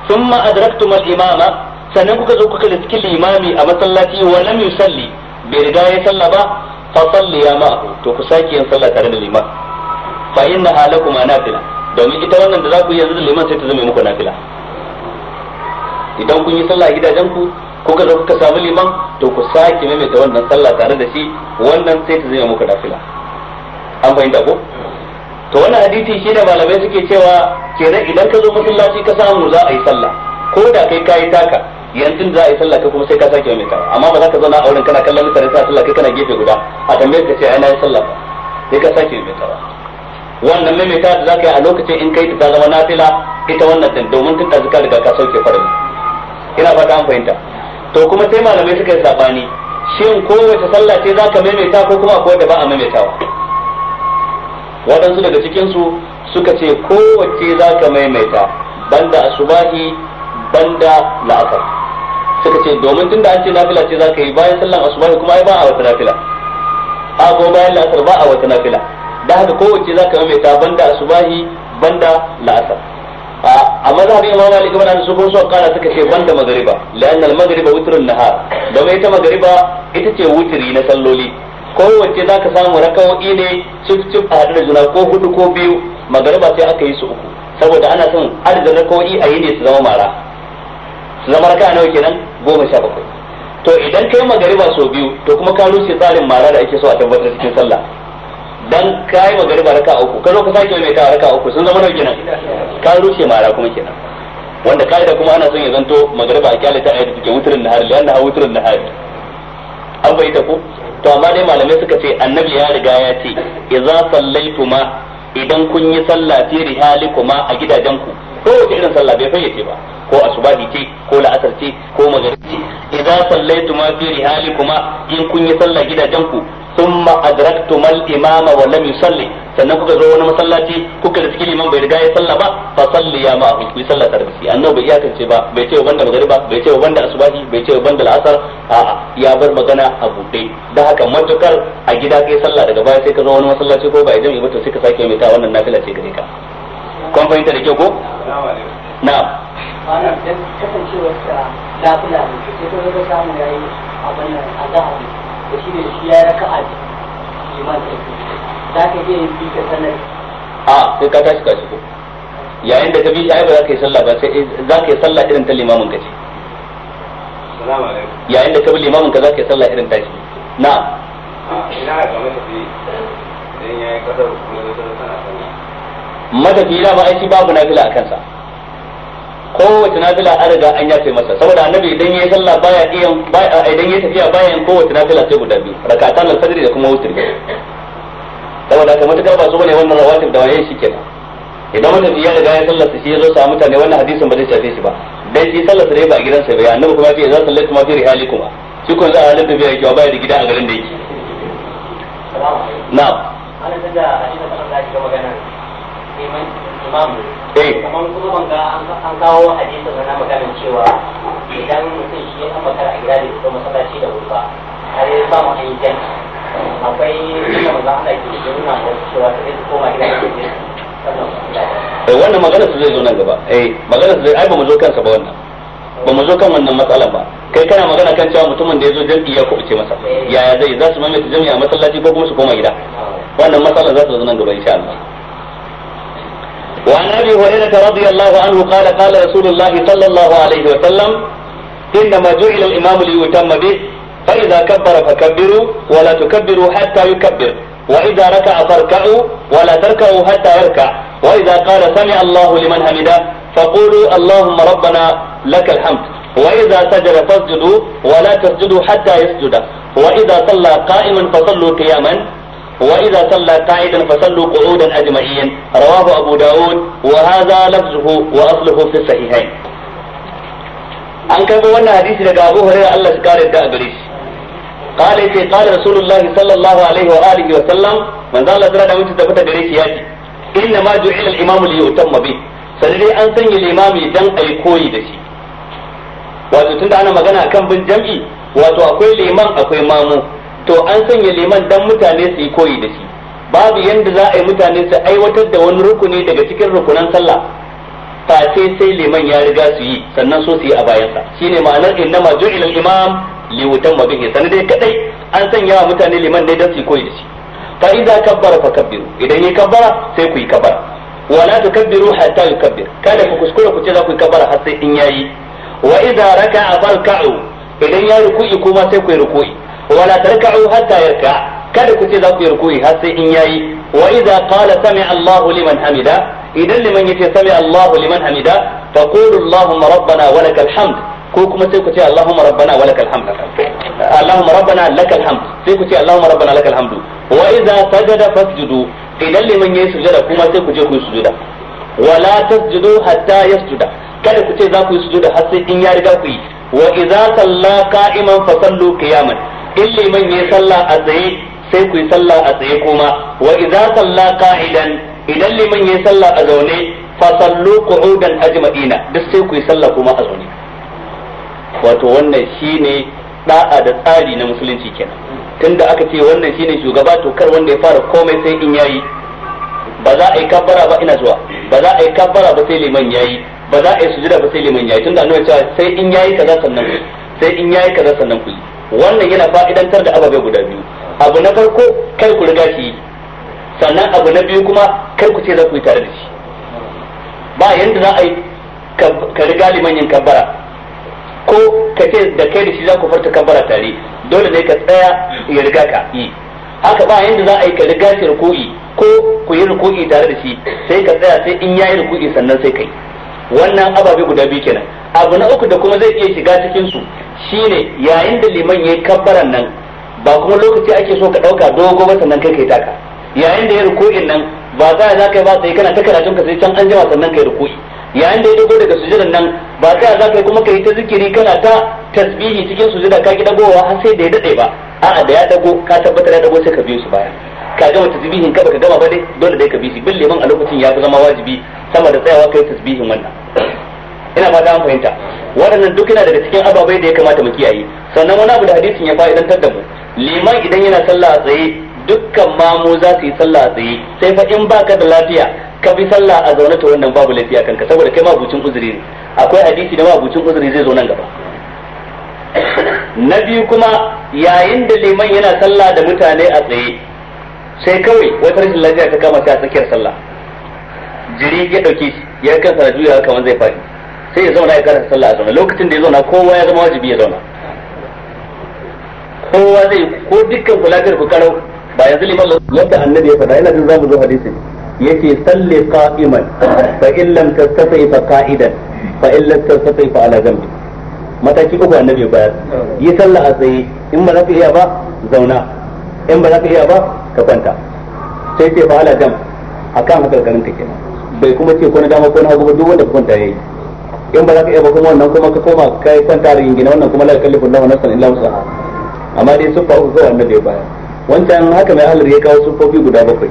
thumma adraktum al-imama sannan kuka zo kuka liski limami a masallaci wa lam yusalli bai riga ya sallah ba fa salli ya ma to ku saki yin sallah tare da liman fa inna halakuma nafila domin ita wannan da za ku yi yanzu da liman sai ta zama muku nafila idan kun yi sallah a gidajen ku kuka zo kuka samu liman to ku sake maimaita wannan sallah tare da shi wannan sai ta zama muku nafila an fahimta ko to wannan hadisi shi da malamai suke cewa kenan idan ka zo masallaci ka samu za a yi sallah ko da kai kayi taka yanzu za a yi sallah ka kuma sai ka sake wani ka amma ba za ka zauna a wurin kana kallon mutane sai sallah kai kana gefe guda a tambayar ka ce ai na yi sallah ba sai ka sake wani ka wannan mai ta da za ka yi a lokacin in kai ta zama nafila ita wannan din domin tun da riga ka sauke farin ina fata an fahimta to kuma sai malamai suka yi sabani shin kowace sallah ce za ka maimaita ko kuma akwai da ba a maimaitawa waɗansu daga cikinsu suka ce kowace za ka maimaita banda asubahi banda la'asar suka ce domin tunda an ce nafila ce za ka yi bayan sallan asubahi kuma ai ba a wata nafila a ko bayan la'asar ba a wata nafila da haka kowace za ka maimaita banda asubahi banda la'asar a mazhabin imam malik ibn anas sun so kana suka ce banda magriba la'anna al-maghriba witrun nahar domin ita magriba ita ce wutiri na salloli kowace za ka samu raka'o'i ne cif cif a haɗu da juna ko hudu ko biyu magariba sai aka yi su uku saboda ana son adadin raka'o'i a yi ne su zama mara su zama raka'a nawa kenan goma sha bakwai to idan kai magariba sau biyu to kuma ka rushe tsarin mara da ake so a tabbatar cikin sallah dan kai magariba raka uku ka zo ka sake mai ka raka uku sun zama nawa kenan ka rushe mara kuma kenan wanda kaida kuma ana son ya zanto magariba a kyalata a yadda take wuturin nahari liyan na wuturin nahari an bai ta ko to amma dai malamai suka ce annabi ya riga ya ce idza sallaituma idan kun yi sallah fi rihalikuma a gidajenku ko wace irin sallah bai fayyace ba ko asubahi ce ko la'asar ce ko magaribi idza sallaituma fi rihalikuma in kun yi sallah ku. thumma adraktu mal imama wa lam yusalli sannan kuka zo wani masallaci kuka da cikin imam bai riga ya salla ba fa salli ya ma ku yi sallah tare da shi annabi bai iyakance ba bai ce banda magriba bai ce banda asubahi bai ce banda al'asar a ya bar magana a bude da haka matukar a gida kai sallah daga baya sai ka zo wani masallaci ko ba idan to sai ka sake mai ta wannan nafila ce gare ka kun fahimta da kyau ko na'am wannan kasancewar ta nafila ne sai ka zo ka samu yayi abin nan a zahiri da shi ne shi ya raka a liman za ka iya yin ka sanar a sai ka tashi ka shigo yayin da ka bi shi ba za ka yi sallah ba sai za ka yi sallah irin ta limamin ka ce yayin da ka bi limamin ka za ka yi sallah irin tashi na ina ga matafi idan ya yi kasar kuma zai tana sanya matafi da ba aiki babu nafila a kansa kowace nafila an riga an yafe masa saboda annabi idan yayi sallah baya iya idan yayi tafiya baya yin kowace nafila sai guda biyu rakatan al-fajr da kuma wutri saboda kamar ta ba su bane wannan rawatib da waye shi kenan idan mutum ya riga ya sallah shi ya zo sa mutane wannan hadisin ba zai shafe shi ba dan shi sallah sai ba a gidansa ba annabi kuma ya ce za su lalle kuma fi rihali kuma shi kun za a halin tafiya yake ba da gida a garin da yake na'am ana da a cikin da magana eh kamar kuma wanga an kawo hadisin na magana cewa idan mutum shi ya makara a gida da ya masallaci da wuri ba har ya samu an yi jan akwai kuma maza ana ke da nuna da cewa ta zai koma gida da ke wuri wannan eh, magana su zai zo nan gaba eh magana su zai ai ba mu zo kansa ba wannan ba mu zo kan wannan matsala ba kai kana magana kan cewa mutumin da ya zo jam'i ya kubuce masa eh. yaya zai za su maimaita jam'i a masallaci ko kuma su koma gida ah. wannan matsalar za su zo nan gaba insha Allah وعن ابي هريره رضي الله عنه قال قال رسول الله صلى الله عليه وسلم انما جعل الامام ليتم به فاذا كبر فكبروا ولا تكبروا حتى يكبر واذا ركع فاركعوا ولا تركعوا حتى يركع واذا قال سمع الله لمن حمده فقولوا اللهم ربنا لك الحمد واذا سجد فاسجدوا ولا تسجدوا حتى يسجد واذا صلى قائما فصلوا قياما وإذا صلى قائدا فصلوا قعودا أجمعين رواه أبو داود وهذا لفظه وأصله في الصحيحين an kai wannan hadisi daga Abu Hurairah Allah ya kare da gare shi kale ce kale Rasulullahi sallallahu alaihi wa alihi wa sallam manzo Allah da mutum tabbata gare shi ya ce inna ma ju'ila al-imamu li yutamma bi sai dai an sanya limami dan ayi koyi da shi wato tunda ana magana kan bin jam'i wato akwai liman akwai mamu to an sanya liman dan mutane su yi koyi da shi babu yanda za a yi mutane su aiwatar da wani rukuni daga cikin rukunan sallah face sai liman ya riga su yi sannan so su yi a bayansa shine ma'anar innama ju'ila al-imam li yutamma bihi sanan dai kadai an sanya wa mutane liman ne dan su yi koyi da shi fa idza kabbara fa kabbiru idan yi kabbara sai ku yi kabbara la tukabbiru hatta yukabbir kada ku kuskura ku ce za ku yi kabbara har sai in yayi wa idza raka'a farka'u idan ya ruku'i kuma sai ku yi ruku'i wala tarka'u hatta yarka kada ku ce za ku yi ruku'i har sai in yayi wa idza qala sami Allahu liman hamida idan liman yace sami Allahu liman hamida taqulu Allahumma rabbana wa lakal hamd ko kuma sai ku ce Allahumma rabbana wa lakal hamd Allahumma rabbana lakal hamd sai ku ce Allahumma rabbana lakal hamd wa idza sajada fasjudu idan liman yayi sujada kuma sai ku je ku yi sujuda wala tasjudu hatta yasjuda kada ku ce za ku yi sujuda har sai in ya riga ku yi wa idza salla qa'iman fa sallu qiyaman in liman ya sallah a tsaye sai ku yi sallah a tsaye kuma wa idza salla qa'idan idan liman ya sallah a zaune fa sallu qu'udan ajma'ina duk sai ku yi sallah kuma a zaune wato wannan shine da'a da tsari na musulunci kenan tunda aka ce wannan shine shugaba to kar wanda ya fara komai sai in yayi ba za a yi kabbara ba ina zuwa ba za a yi kabbara ba sai liman yayi ba za a yi sujuda ba sai liman yayi tunda annabi cewa sai in yayi kaza sannan sai in yayi kaza sannan ku yi wannan yana fa'idantar da ababe guda biyu abu na farko kai ku riga shi sannan abu na biyu kuma kai ku ce za ku yi tare da shi ba yanda za a yi ka riga liman yin kabbara ko ka ce da kai da shi za ku farta kabbara tare dole ne ka tsaya ya riga ka yi haka ba yanda za a yi ka riga shi ko ku yi ruku'i tare da shi sai ka tsaya sai in yayi ruku'i sannan sai kai wannan ababe guda biyu kenan abu na uku da kuma zai iya shiga cikin su shine yayin da liman yayi kabbaran nan ba kuma lokaci ake so ka dauka dogo ba sannan kai kai taka yayin da ya ruku'in nan ba za za kai ba sai kana ta karatun ka sai can an jima sannan kai ruku'i yayin da ya dogo daga sujudan nan ba za za kai kuma kai ta zikiri kana ta tasbihi cikin sujuda ka ki dagowa har sai da ya dade ba a'a da ya dago ka tabbatar ya dago sai ka biyo shi baya ka gama tasbihin ka baka gama ba dai dole dai ka bi shi bin liman a lokacin ya fi zama wajibi sama da tsayawa kai tasbihin wannan ina fata an fahimta waɗannan duk yana daga cikin ababai da ya kamata mu kiyaye sannan wani abu da hadisin ya fa'idantar da mu liman idan yana sallah a tsaye dukkan mamu za su yi sallah a tsaye sai fa in baka da lafiya ka bi sallah a zaune ta wannan babu lafiya kanka saboda kai ma bucin uzuri ne akwai hadisi da ma bucin uzuri zai zo nan gaba na biyu kuma yayin da liman yana sallah da mutane a tsaye sai kawai wata rashin lafiya ta kama a tsakiyar sallah jiri ya dauke shi ya kansa da juya kamar zai faɗi sai ya zauna ya karanta sallah a zauna lokacin da ya zauna kowa ya zama wajibi ya zauna kowa zai ko dukkan kulakar ku karau ba yanzu liman yadda annabi ya faɗa yana jin zamu zo hadisi yace salli qa'iman fa in lam tastafi fa qa'idan fa in lam fa ala jambi mataki uku annabi ya bayar yi sallah a tsaye in ba za ka iya ba zauna in ba za ka iya ba ka kwanta sai ce fa ala jambi akan haka garin ka kenan bai kuma ce ko na dama ko na hagu ba duk wanda kwanta yayi in ba za ka iya ba kuma wannan kuma ka koma kai kan tarihin gina wannan kuma la yakallifu Allahu nafsan illa wus'aha amma dai sun uku zuwa wanda bai baya wancan haka mai halar ya kawo sufofi guda bakwai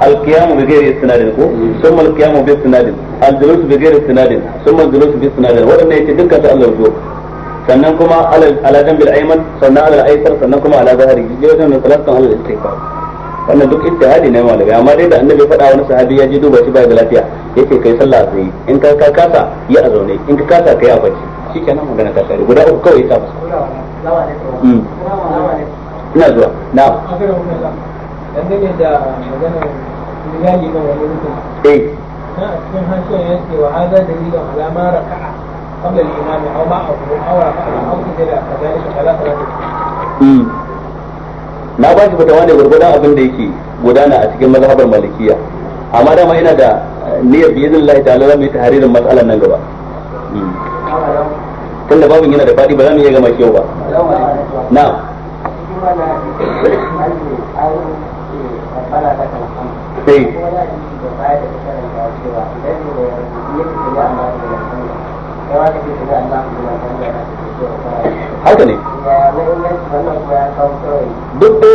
alkiyamu bi ghairi istinadin ko summa alkiyamu bi istinadin aljulus bi ghairi istinadin summa aljulus bi istinadin wadannan ce dukkan su Allah zuwa sannan kuma ala ala jambil ayman sannan ala aysar sannan kuma ala zahiri je wajen salatun al istighfar wannan duk ijtihadi ne malami amma dai da annabi ya faɗa wani sahabi ya je duba shi ba da lafiya yake kai sallah sai in ka ka kasa yi a zaune in ka kasa kai a bacci shikenan magana ta tsare guda uku kawai ya sa hmm. ina zuwa na'am ne da maganar rigali kan wani rukun eh na cikin hancin yake wa hadar dalilin alama raka'a قبل الإمام أو معه أو ركعة أو كذا كذلك ثلاثة ركعات na ba shi fatawa ne gurgudan abin da yake gudana a cikin mazhabar malikiya amma dama ina da eh, niyyar bi izin lahi ta'ala zamu yi tahririn mas'alan nan gaba hmm. tunda babin yana da fadi ba za mu iya gama shi ba na. Eh. haka ne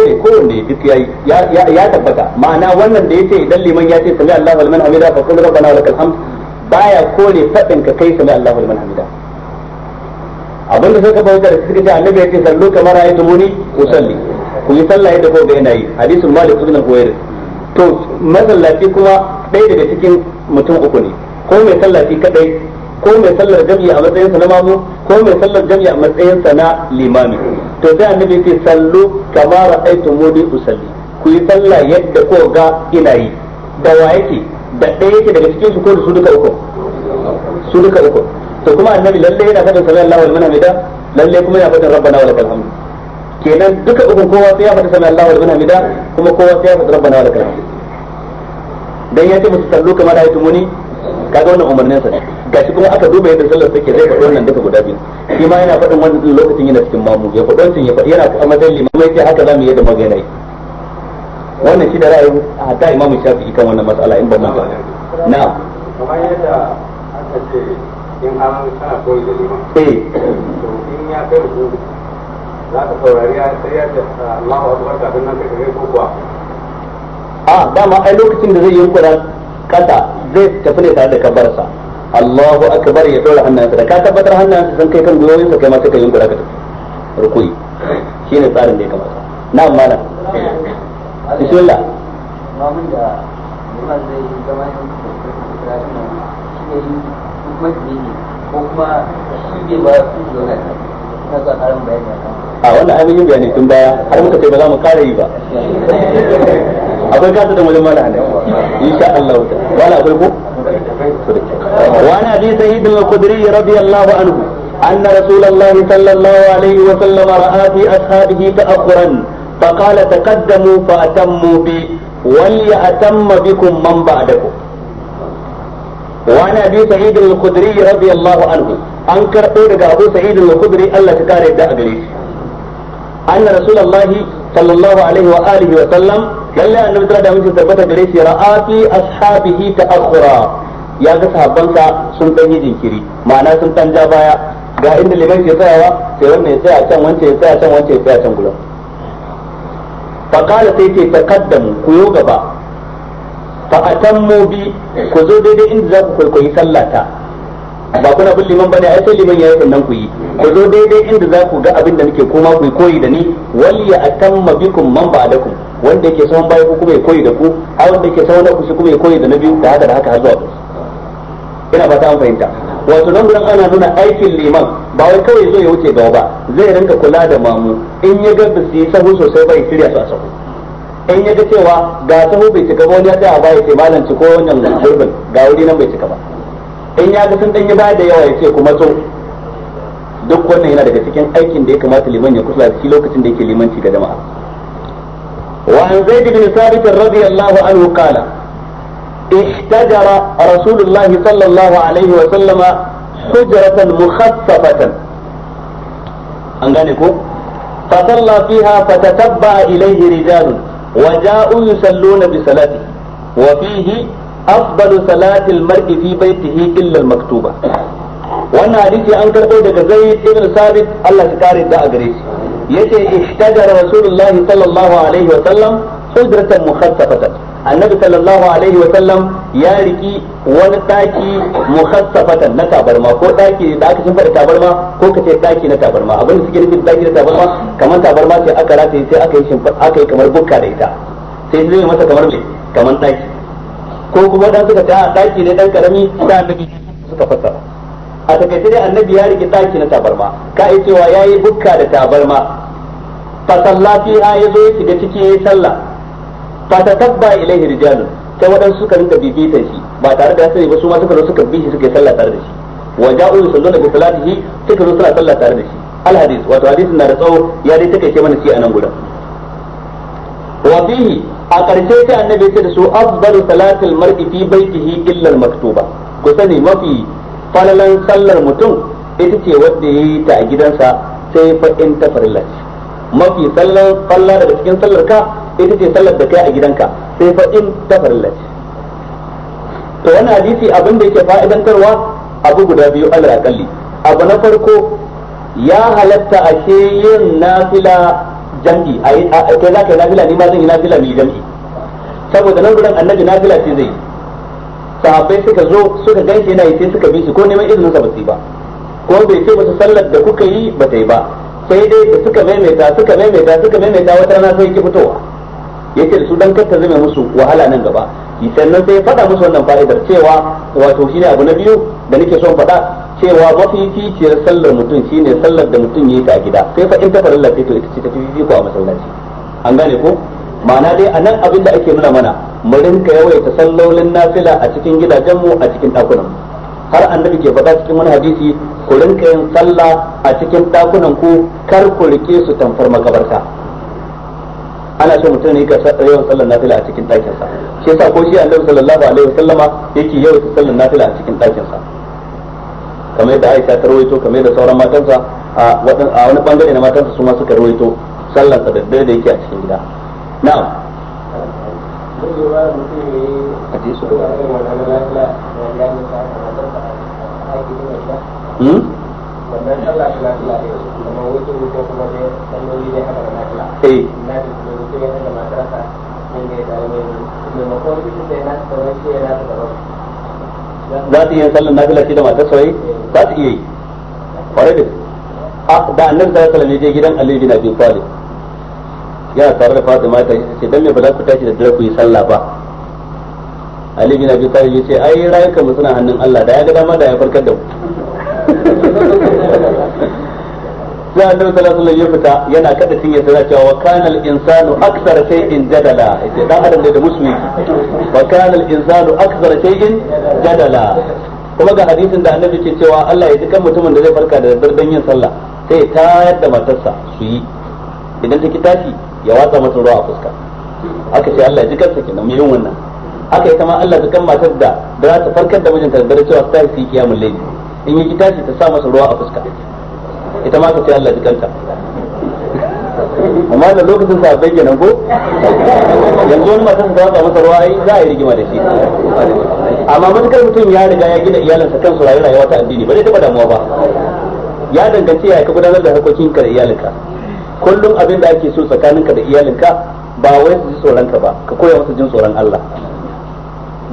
ne kowanne duk ya tabbata ma'ana wannan da ya ce idan liman ya ce sami Allahu liman hamida fa qul rabbana lakal hamd baya kore faɗin ka kai sami Allahu liman hamida abinda suka bauta da suka ce annabi ya ce sallu kamar aytumuni usalli ku yi sallah yadda ko ga yana yi hadisin malik ibn al to masallaci kuma ɗaya daga cikin mutum uku ne ko mai sallaci kadai ko mai sallar jami'a a matsayin sa na mamu ko mai sallar jami'a a matsayin sa na limami to sai annabi ce sallu kama mudi usalli ku yi sallah yadda ko ga ina yi da wa yake da ɗaya yake daga cikin su ko su duka uku su duka uku to kuma annabi lalle yana fadin sami Allahu liman hamida lalle kuma yana fadin rabbana wa lakal hamd kenan duka uku kowa sai ya fadi sami Allahu liman hamida kuma kowa sai ya fadi rabbana wa lakal hamd dan yace musu sallu kama ra'aytumuni kaga wannan umarnin sa ne gashi kuma aka duba yadda sallar take zai faɗi wannan duka guda biyu shi ma yana faɗin wannan lokacin yana cikin mamu ya faɗi wancan ya faɗi yana a matsayin mai sai haka zamu yi da magana wannan shi da ra'ayin hatta imamu shafi'i kan wannan matsala in ba mun na'am kamar yadda aka ce in an kana koyi da liman eh to in ya kai ruku za ka saurari ya sai ya ce Allahu akbar kafin nan kai ko kuwa a ah, dama ai lokacin da zai yi kura kasa zai tafi ne tare da kabarsa Allahu akbar ya dora hannayensa da ka tabbatar hannayensa sun kai kan gwiwoyinsa kai ma sai ka yunkura ka tafi rukui shine tsarin da ya kamata na bismillah mamun da liman zai zama yin shi ne ko kuma shi bai ba su zauna zuwa karin bayani a wannan abin bayani tun baya har muka ce ba za mu kare yi ba akwai kasa da wajen mala hada insha Allah wala akwai ko وعن ابي سعيد الخدري رضي الله عنه ان رسول الله صلى الله عليه وسلم راى في اصحابه تاخرا فقال تقدموا فاتموا بي وليأتم وعن ابي سعيد الخدري رضي الله عنه an karɓo daga abu da a gare alaihi wa alihi wa sallam lalle annabi da mun tabbata gare shi ra'a fi ashabihi ta'akhura ya ga sahabbansa sun dan yi jinkiri ma'ana sun dan ja baya ga inda liman ke tsayawa sai wannan ya tsaya can wance ya tsaya can wance ya tsaya can gudan faqala sai ce taqaddamu ku yo gaba fa atammu bi ku zo daidai inda za ku kwaikwayi sallata ba kuna bin liman bane ai sai liman ya yi sannan ku yi ku zo daidai inda za ku ga abin da nake koma ku koyi da ni walli atamma bikum man ba'dakum wanda yake sahun baya ku kuma ya koyi da ku a wanda yake sahun ku shi kuma ya koyi da na biyu da haka da haka har zuwa ina fata an fahimta wato nan gurin ana nuna aikin liman ba wai kawai zai ya wuce gaba ba zai rinka kula da mamu in ya ga su yi sahu sosai bai shirya su a sahu in ya ga cewa ga sahu bai cika ba wani ya tsaya ba ya ce malam ci ko wannan gurbin ga wuri nan bai cika ba in ya ga sun dan yi ba da yawa ya ce kuma so duk wannan yana daga cikin aikin da ya kamata liman ya kusa da shi lokacin da yake limanci ga jama'a wa an zaid bin sabit radiyallahu anhu qala ihtajara rasulullah sallallahu alaihi wa sallama hujratan mukhaffafatan an gane ko fa salla fiha fatatabba ilayhi rijalun wa ja'u yusalluna bi salati wa fihi afdalu salati al-mar'i fi baytihi illa al-maktuba wannan hadisi an karɓo daga zai ibn sabit Allah ya kare da a gare shi yace ishtajar rasulullahi sallallahu alaihi wa sallam hudratan mukhassafatan annabi sallallahu alaihi wa sallam ya riki wani daki mukhassafatan na tabarma ko daki da aka shimfa da tabarma ko kace daki na tabarma abin da suke nufi daki na tabarma kamar tabarma sai aka rata sai aka yi shimfa aka yi kamar bukka da ita sai zai masa kamar me kamar daki ko kuma dan suka ta daki ne dan karami da annabi suka fassara a takaice dai annabi ya rike daki na tabarma ka yi cewa ya yi bukka da tabarma fa sallafi a ya zo ya shiga ciki ya yi sallah fa ta tabba ilaihi rijalun sai waɗansu suka rinka bibita shi ba tare da sani ba su ma suka zo suka bi shi suka yi sallah tare da shi wa ja'u yusalluna bi salatihi suka zo suna sallah tare da shi al hadith wato hadisin na da tsawo ya dai take mana shi a nan gudan wa fihi a ƙarshe sai annabi ya ce da su afdalu salatil mar'i fi baitihi illa al maktuba ku sani mafi falalan sallar mutum ita ce wadda ya yi ta a gidansa sai fa in ta farillaci mafi sallar falla daga cikin sallar ka ita ce sallar da kai a gidanka sai fa in ta farillaci to wannan hadisi abin da yake fa'idantarwa abu guda biyu alal akalli abu na farko ya halatta ce yin nafila jam'i a kai za ka yi nafila ni ma zan yi nafila mai jam'i saboda nan gudan annabi nafila ce zai yi sahabbai suka zo suka ganshi yana yi sai suka bi shi ko neman izinin sa ba su ba ko bai ce musu sallar da kuka yi ba ta yi ba sai dai da suka maimaita suka maimaita suka maimaita wata rana sai ki fitowa yace da su dan kar ta zame musu wahala nan gaba sannan sai faɗa musu wannan fa'idar cewa wato shine abu na biyu da nake son faɗa cewa mafi sallar mutum shine sallar da mutum yayi ta a gida sai fa in ta fara ce to ita ce ta fi ko a masallaci an gane ko ma'ana dai a nan abin da ake nuna mana mu rinka yawaita sallolin nafila a cikin gidajenmu a cikin ɗakunan har annabi ke faɗa cikin wani hadisi ku rinka yin sallah a cikin ɗakunan ku kar ku rike su tamfar makabarta ana so mutum ne ka yawan sallar nafila a cikin ɗakin sa shi yasa ko shi annabi sallallahu alaihi wasallam yake yawaita sallar nafila a cikin ɗakin sa kamar da Aisha ta rawaito kamar da sauran matansa a wani bangare na matansa su ma suka rawaito sallar sa da da yake a cikin gida na'am hmm? eh. za ta iya sallar nafila shi da matar soyayya za ta iya yi kwarai da a ah, da annabi sallallahu alaihi wasallam ne je gidan Ali bin Abi Talib yana tare da Fatima ta ce dan me ba za ku tashi da dare ku yi sallah ba Ali bin Abi Talib yace ai rayuka mu suna hannun Allah da ya ga dama da ya farkar da mu sai annabi sallallahu alaihi ya fita yana kada cinye sai cewa wa kana al insanu akthara shay'in jadala yace dan adam ne da musulmi wa kana al insanu akthara shay'in jadala kuma ga hadisin da annabi ke cewa Allah ya ji kan mutumin da zai farka da daddare don yin sallah sai ya tayar da matarsa su yi idan ta ki tashi ya watsa masa ruwa a fuska aka ce Allah ji kansa kenan mu yin wannan aka yi kama Allah kan matar da da za ta farkar da mijinta da dare cewa ta yi mun laifi in yi tashi ta sa masa ruwa a fuska ita ma aka ce Allah ji kansa amma da lokacin sa bai kenan ko yanzu wani matar da watsa masa ruwa ai za a yi rigima da shi amma matukar mutum ya riga ya gina iyalinsa kansu rayuwa ta addini ba zai taba damuwa ba ya danganci ya ka gudanar da harkokin da iyalinka kullum abin da ake so tsakaninka da iyalinka ba wai su ji tsoron ka ba ka koya musu jin tsoron Allah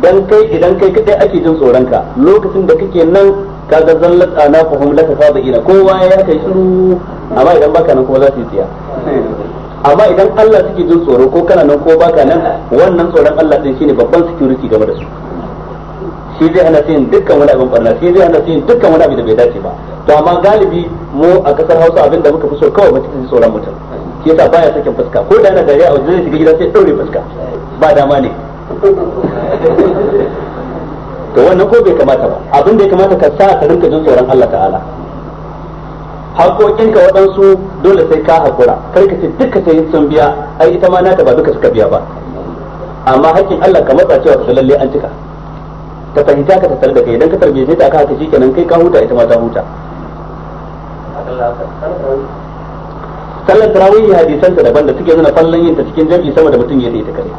dan kai idan kai kadai ake jin tsoron ka lokacin da kake nan ka ga zallat ana fahum laka sabiina kowa ya kai shiru amma idan baka nan kuma za su yi tsiya amma idan Allah suke jin tsoro ko kana nan ko baka nan wannan tsoron Allah din shine babban security game da su shi zai hana su yin dukkan wani abin barna shi zai hana su yin dukkan wani abin da bai dace ba to amma galibi mu a kasar Hausa abin da muka fi so kawai mutum ji sauran mutum shi yasa baya sakin fuska ko da yana dariya a waje zai shiga gida sai ɗaure fuska ba dama ne to wannan ko bai kamata ba abin da ya kamata ka sa ka rinka jin tsoron Allah ta'ala haƙoƙinka waɗansu dole sai ka haƙura kar ka ce duka sai sun biya ai ita ma naka ba duka suka biya ba amma haƙƙin Allah ka matsa cewa ka lalle an cika ta fahimta ka tattare da kai idan ka tarbiyyance ta aka shi shikenan kai ka huta ita ma ta huta sallar tarawih hadisan ta daban da suke nuna fallon yin ta cikin jami'i sama da mutum ya ta kare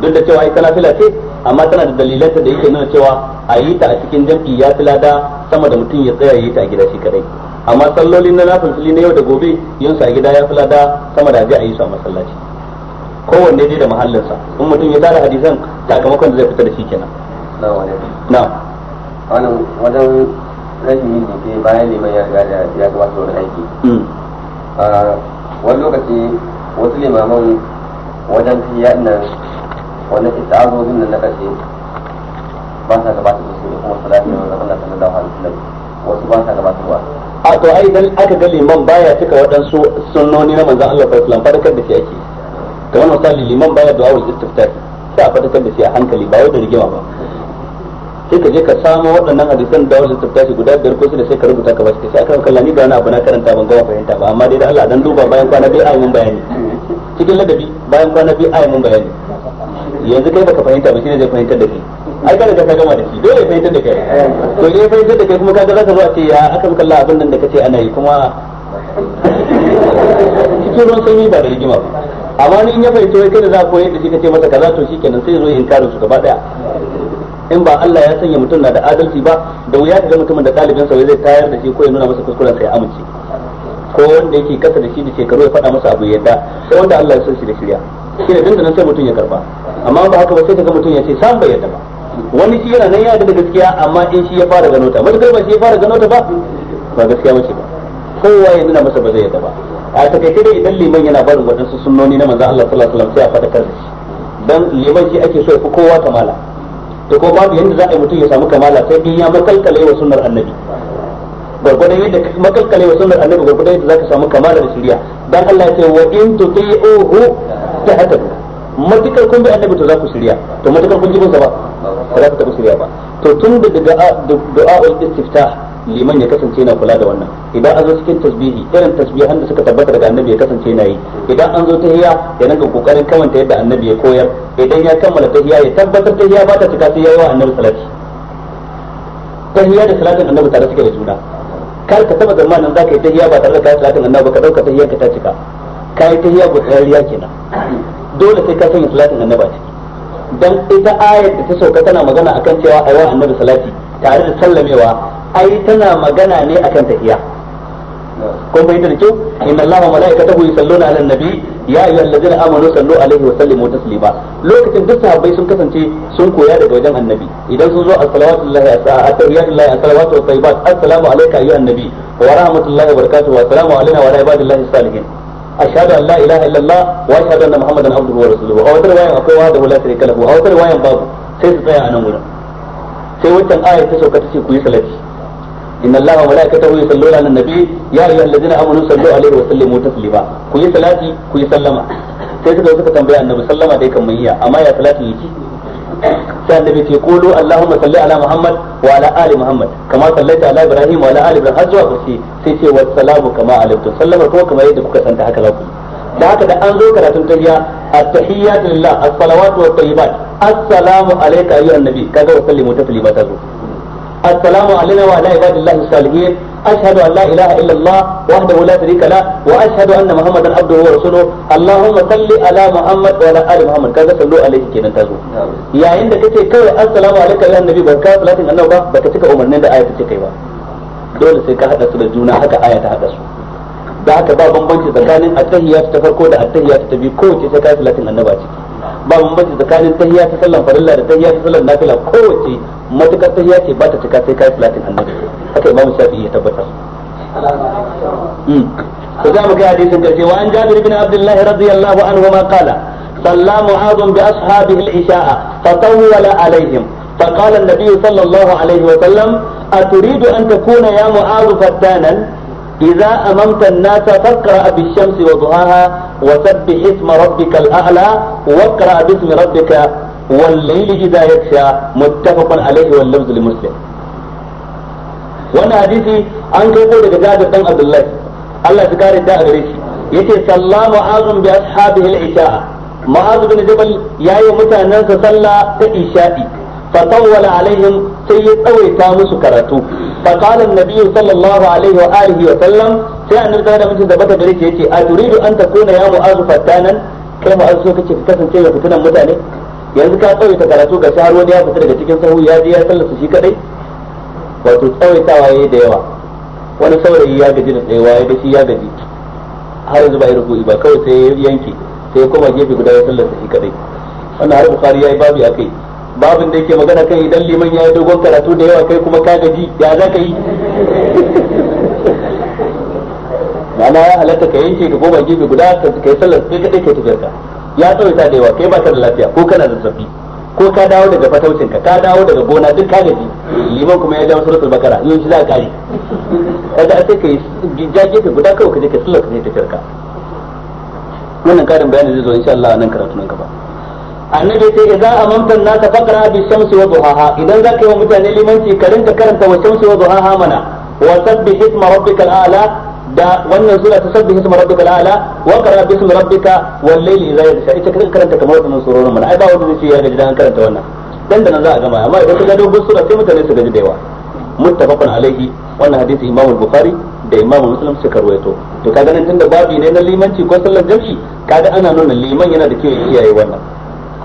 duk da cewa ta nafila ce amma tana da dalilanta da yake nuna cewa a yi ta a cikin jami'i ya fi lada sama da mutum ya tsaya yi ta a gida shi kadai amma sallolin na fili na yau da gobe yin sa a gida ya fi lada sama da ajiye a yi su a masallaci kowanne dai da mahallinsa in mutum ya tara hadisan sakamakon da zai fita da shi kenan na wajen rashin yin jiki bayan liman ya riga da ya gabata wani aiki hmm. wani lokaci wasu limaman wajen tiyar nan wani istazozin nan na ƙarshe ba sa gabata da su ne kuma su lafiya wani zaman da sallallahu alaihi wasallam wasu ba sa ba. a to ai dan aka ga liman baya cika waɗansu sunnoni na manzon Allah sallallahu alaihi wasallam fadakar da shi ake kamar misali liman baya du'a wal istiftar sai a fadakar da shi a hankali ba wai da rigima ba sai ka je ka samo waɗannan hadisan da wasu tafta shi guda biyar ko da sai ka rubuta ka bashi sai aka kalla ni da wani abu na karanta ban gawa fahimta ba amma dai da Allah dan duba bayan kwana biyu ayi mun bayani cikin ladabi bayan kwana biyu ayi mun bayani yanzu kai baka fahimta ba shi ne zai fahimtar da kai ai kana da ka gama da shi dole fahimtar da kai to dai fahimtar da kai kuma kaga zaka zo a ce ya aka kalla abin nan da kace ana yi kuma cikin ruwan sanyi ba da rigima ba amma ni in ya fahimta kai da za ka koyi da shi kace masa kaza to shikenan sai zo inkarin su gaba daya in ba Allah ya sanya mutum na da adalci ba da wuya ga mutumin da ɗalibinsa wai zai tayar da shi ko ya nuna masa kuskuren sai amince ko wanda yake kasa da shi da shekaru ya faɗa masa abu ya da sai wanda Allah ya san shi da shirya shi ne nan sai mutum ya karba amma ba haka ba sai kaga mutum ya ce sam bai yadda ba wani shi yana nan ya da gaskiya amma in shi ya fara gano ta matukar ba shi ya fara gano ta ba ba gaskiya mace ba kowa ya nuna masa ba zai yadda ba a takaice dai idan liman yana barin waɗansu sunnoni na manzon Allah sallallahu alaihi wasallam sai a kar da shi dan liman shi ake so ya fi kowa kamala to ko babu yadda za a yi mutum ya samu kamala sai in ya makalkale wa sunnar annabi gwargwadon yadda ka makalkale wa sunnar annabi gwargwadon yadda ka samu kamala da shirya dan Allah ce wa in tuti'uhu tahtadu matukar kun bi annabi to za ku shirya to matukar kun ji bin sa ba za ku taɓa shirya ba to tun da ul istiftah liman ya kasance yana kula da wannan idan an zo cikin tasbihi irin tasbihan da suka tabbata daga annabi ya kasance yana yi idan an zo hiya ya nanga kokarin kamanta yadda annabi ya koyar idan ya kammala hiya ya tabbatar hiya ba ta cika sai ya yi wa annabi salati hiya da salatin annabi tare suke da juna kar ka taba zamanin zaka yi hiya ba tare da kai salatin annabi ka dauka hiya ka ta cika hiya gudanar riya kenan dole sai ka sanya salatin annabi a ciki dan ita ayar da ta sauka tana magana akan cewa ayi wa annabi salati tare da sallamewa ai tana magana ne akan tahiya kun bai da kyau inna Allah wa malaikatahu yusalluna ala nabi ya ayyuhallazina amanu sallu alaihi wa sallimu taslima lokacin duk sahabbai sun kasance sun koya daga wajen annabi idan sun zo as-salawatullahi at-tahiyatullahi as-salawatu tayyibat assalamu alayka ayyuhan nabi wa rahmatullahi wa barakatuhu wa salamu alayna wa ala ibadillahi salihin ashhadu an la ilaha illallah wa ashhadu anna muhammadan abduhu wa rasuluhu a wata riwayan akwai wahda wala sharika lahu aw tar wayan babu sai su tsaya a nan gurin sai wancan aya ta sauka ta ce ku yi salati إن الله وملائكته يصلون على النبي يا أيها الذين آمنوا صلوا عليه وسلموا تسليما كوي صلاتي كوي سلما sai suka suka tambaya annabi sallama dai kan mai iya amma ya salatu yake sai annabi ce qulu allahumma salli ala muhammad wa ala ali muhammad kama sallaita ala ibrahim wa ala ali ibrahim har zuwa kursi sai ce sallama kamar yadda kuka haka za ku da haka da an zo karatun tahiyya at-tahiyyatu lillah as-salawatu wat-tayyibat assalamu alayka ayyuhan nabi kaga wa sallimu taslima ta zo السلام علينا وعلى عباد الله الصالحين أشهد أن لا إله إلا الله وحده لا شريك له وأشهد أن محمدا عبده ورسوله اللهم صل على محمد وعلى آل محمد كذا صلوا عليه kenan tazo yayin da kace kai assalamu alaikum ya annabi barka salatin annabi ba baka cika umarnin da ayatu kai ba dole sai ka hada su da juna haka aya ta hada su da ba bambanci tsakanin attahiyatu ta farko da attahiyatu ta bi kowace sai ka salatin annabi ba bambanci tsakanin tahiyya ta sallan farilla da tahiyya ta sallan nafila kowace matukar tahiyya ce ba ta cika sai kai salatin annabi haka imamu shafi'i ya tabbatar hmm. to za mu ga hadisin karshe wa an jabir bin abdullahi radiyallahu anhu ma qala صلى معاذ بأصحابه العشاء فطول عليهم فقال النبي صلى الله عليه وسلم أتريد أن تكون يا معاذ فتانا إذا أممت الناس فاقرأ بالشمس وضحاها وسبح اسم ربك الأعلى واقرأ باسم ربك والليل إذا يغشى متفق عليه واللفظ لمسلم wannan hadisi an kai ko daga Jabir dan Abdullahi Allah ya kare da gare shi yace sallama azum bi ashabihi al-isha Mu'az bin Jabal yayi mutanansa sallah ta isha'i fa tawwala alaihim sai ya tsawaita musu karatu fa qala an-nabiy sallallahu alaihi wa alihi wa sallam sai annabi sallallahu alaihi wasallam gaba da gare shi yace a turidu an takuna ya mu'azu fatanan kai mu'azu so kace kasance ya fitinan mutane yanzu ka tsawaita karatu ga har wani ya fita daga cikin sahu ya je ya sallasa shi kadai wato tsawaitawa yayi da yawa wani saurayi ya gaji da tsayawa ya shi ya gaji har yanzu ba ya rubuci ba kawai sai ya yanke sai ya koma gefe guda ya sallasa shi kadai wannan har bukhari yayi babu kai babin da yake magana kan idan liman ya yi dogon karatu da yawa kai kuma ka gaji ya za ka yi ma'ana ya halatta ka yanke ka goma gefe guda ka kai sallar kai kadai kai tafiyar ka ya tsawaita da yawa kai ba ka da lafiya ko kana zazzabi ko ka dawo daga fataucin ka ka dawo daga gona duk ka gaji liman kuma ya dawo suratul bakara yau shi za ka kare kaga a sai kai ja gefe guda kawai ka je ka sallar ka kai tafiyar ka wannan karin bayani zai zo insha Allah nan karatu nan gaba annabi sai idan amamtan nasa faqra bi shamsi wa duhaha idan zaka yi wa mutane limanci ka rinka karanta wa shamsi wa duhaha mana wa sabbih isma rabbikal a'la da wannan sura ta sabbihi isma rabbika a'la wa qara ismi rabbika wal layli idha yasha ita kan karanta kamar wannan surorin mana ai ba wanda zai ce ya gaji dan karanta wannan dan da nan za a gama amma idan ka ga dogon sura sai mutane su gaji da yawa muttafaqun alaihi wannan hadisi imamu bukhari da imamu muslim suka ruwaito to kaga nan tunda babu ne na limanci ko sallar jami'i kaga ana nuna liman yana da kyau ya kiyaye wannan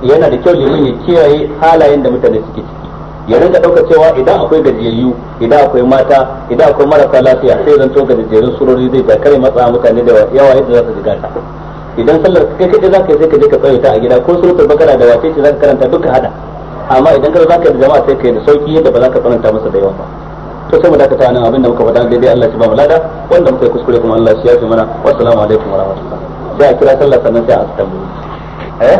yana da kyau liman ya kiyaye halayen da mutane suke ciki ya rinka ɗauka cewa idan akwai gajiyayyu idan akwai mata idan akwai marasa lafiya sai zan to jerin surori zai ta kare matsa mutane da yawa yadda za su ji gata idan sallar kai kai za ka yi sai ka je ka tsaye ta a gida ko surutar bakara da wace ce za ka karanta duka hada amma idan kada za ka yi da jama'a sai ka yi da sauki yadda ba za ka tsananta masa da yawa ba to sai mu dakata nan abinda muka faɗa daidai Allah shi ba mu lada wanda muka yi kuskure kuma Allah shi ya fi mana salamu alaikum wa rahmatullah sai a kira sallar sannan sai a tambayi eh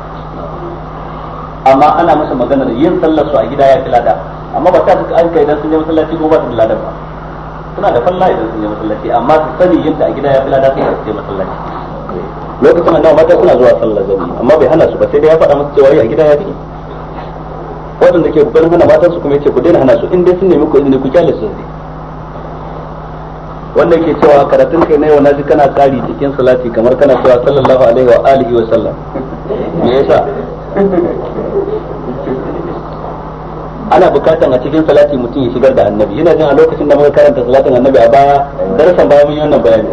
amma ana masa da yin sallar su a gida ya fi lada amma ba ta suka aika idan sun je masallaci ko ba su da lada ba suna da falla idan sun je masallaci amma su sani yin ta a gida ya fi lada sai su je masallaci lokacin annabi mata suna zuwa sallar gani amma bai hana su ba sai dai ya faɗa musu cewa a gida ya fi da ke kokarin hana matan su kuma yace ku daina hana su in dai sun nemi ku izini ku kyale su ne wanda yake cewa karatun kai na yau naji kana kari cikin salati kamar kana cewa sallallahu alaihi wa alihi wa sallam me yasa ana bukatan a cikin salati mutum ya shigar da annabi yana jin a lokacin da muka karanta salatin annabi a baya darasan baya mun yi wannan bayani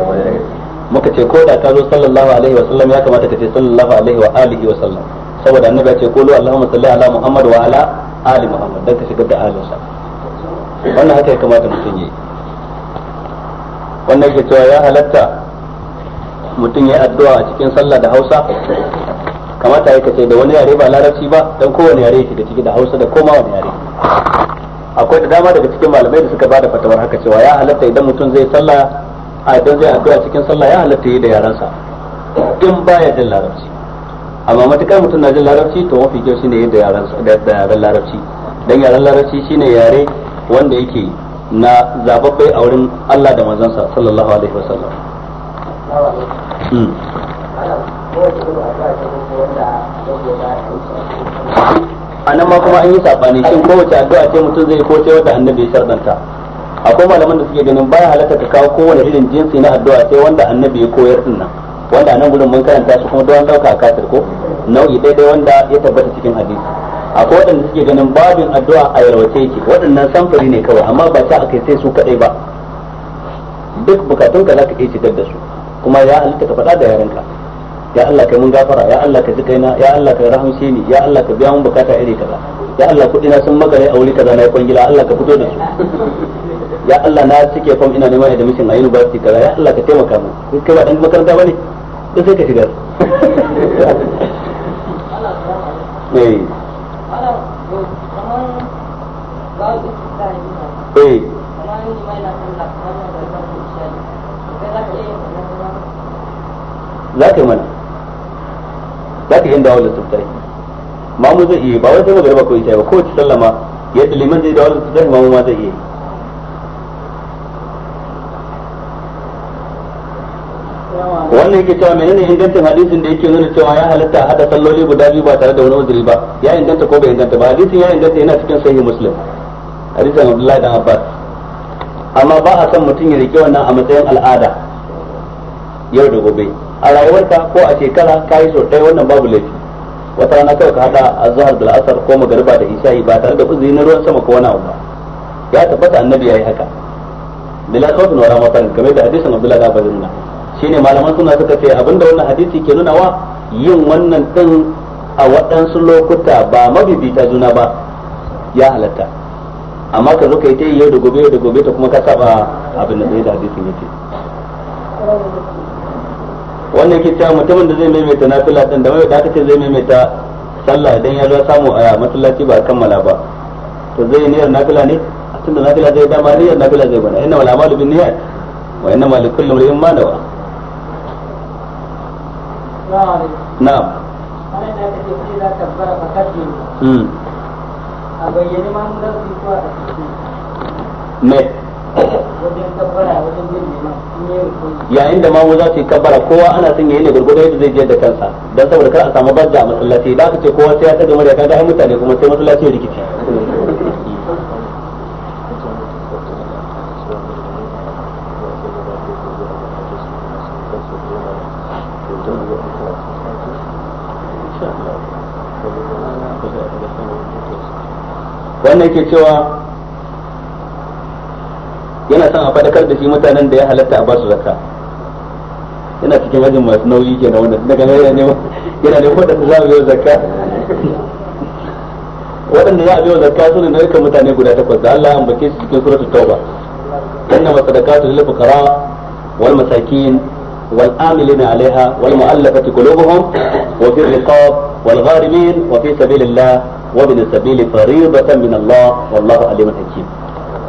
muka ce ko da ta zo sallallahu alaihi wa sallam ya kamata ka ce sallallahu alaihi wa alihi wa sallam saboda annabi ya ce qulu allahumma salli ala muhammad wa ala ali muhammad dan ka shigar da alinsa wannan haka ya kamata mutum yi wannan ke cewa ya halatta mutum ya addu'a a cikin sallah da Hausa kamata ya kace da wani yare ba larabci ba dan kowane yare yake da ciki da Hausa da koma wani yare akwai da dama daga cikin malamai da suka ba da fatawar haka cewa ya halatta idan mutum zai sallah a idan zai addu'a cikin sallah ya halatta yi da yarensa in baya jin larabci amma matukar mutum na jin larabci to mafi kyau shine yadda yaran da yaran larabci dan yaran larabci shine yare wanda yake na zababbe a wurin Allah da manzansa sallallahu alaihi wasallam hmm. a nan ma kuma an yi sabani shin kowace addu'a ce mutum zai ko wata annabi ya sharɗanta akwai malaman da suke ganin baya halatta ka kawo kowane irin jinsi na addu'a sai wanda annabi ya koyar din nan wanda anan gurin mun karanta su kuma don dauka kasir ko nau'i daidai wanda ya tabbata cikin hadisi akwai waɗanda suke ganin babin addu'a a yarwace yake waɗannan samfuri ne kawai amma ba ta akai sai su kadai ba duk bukatun ka zaka iya shigar da su kuma ya halitta ka faɗa da yaranka ya Allah kai mun gafara ya Allah ka ji kaina ya Allah ka rahamshe ni ya Allah ka biya mun bukata iri kaza ya Allah kudi na sun magare a wuri kaza na yi kwangila Allah ka fito da su ya Allah na cike fam ina neman admission a university kaza ya Allah ka taimaka mu in kai ba dan makaranta bane da sai ka shiga eh eh za ka yi mana za ka yin dawo da ma mu zai iya ba wai sai magariba ko isha ba ko ta sallama yadda liman zai dawo da ma mu ma zai iya wannan yake cewa menene ingancin hadisin da yake nuna cewa ya halatta hada salloli guda biyu ba tare da wani uzuri ba ya inganta ko bai inganta ba hadisin ya inganta yana cikin sahih muslim hadisin abdullahi dan abbas amma ba a son mutum ya rike wannan a matsayin al'ada yau da gobe a rayuwarka ko a shekara ka yi sau ɗaya wannan babu laifi wata rana kawai ka haɗa azhar da la'asar ko magariba da isha'i ba tare da uzuri na ruwan sama ko wani abu ba ya tabbata annabi ya yi haka bila suna rama farin game da hadisin abdullahi da nuna shine malaman suna suka ce abinda wannan hadisi ke nuna wa yin wannan din a waɗansu lokuta ba mabibita juna ba ya halatta amma ka zo ka yi ta yau da gobe yau da gobe ta kuma ka saba abin da da hadisin yake wannan ke cewa mutumin da zai maimaita nafila din da da aka ce zai maimaita sallah idan ya zo samu a masallaci ba kammala ba to zai niyyar nafila ne na nafila zai dama niyyar nafila zai bana inna wal amalu bin niyyat wa inna mal kulli imrin ma nawa na'am hmm. a bayyane ma mun da su ko a cikin me yayin da mamu za su yi kabbara kowa ana son yayi ne gurgurda yadda zai je da kansa don saboda kar a samu barja a masallaci da aka ce kowa sai ya tsaga murya kaga ai mutane kuma sai masallaci ya rikici wannan ke cewa yana son a faɗakar da shi mutanen da ya halatta a basu zakka yana cikin ajin masu nauyi ke na wannan daga yana ne yana ne waɗanda za mu yi zakka waɗanda za a biyo zakka su ne nau'ikan mutane guda takwas da Allah ambace su cikin suratul tauba inna masadaqatu lil fuqara wal masakin wal amilina alaiha wal mu'allafati qulubuhum wa fi riqab wal gharimin wa fi sabilillah wa bin sabili fariidatan min Allah wallahu alimun hakim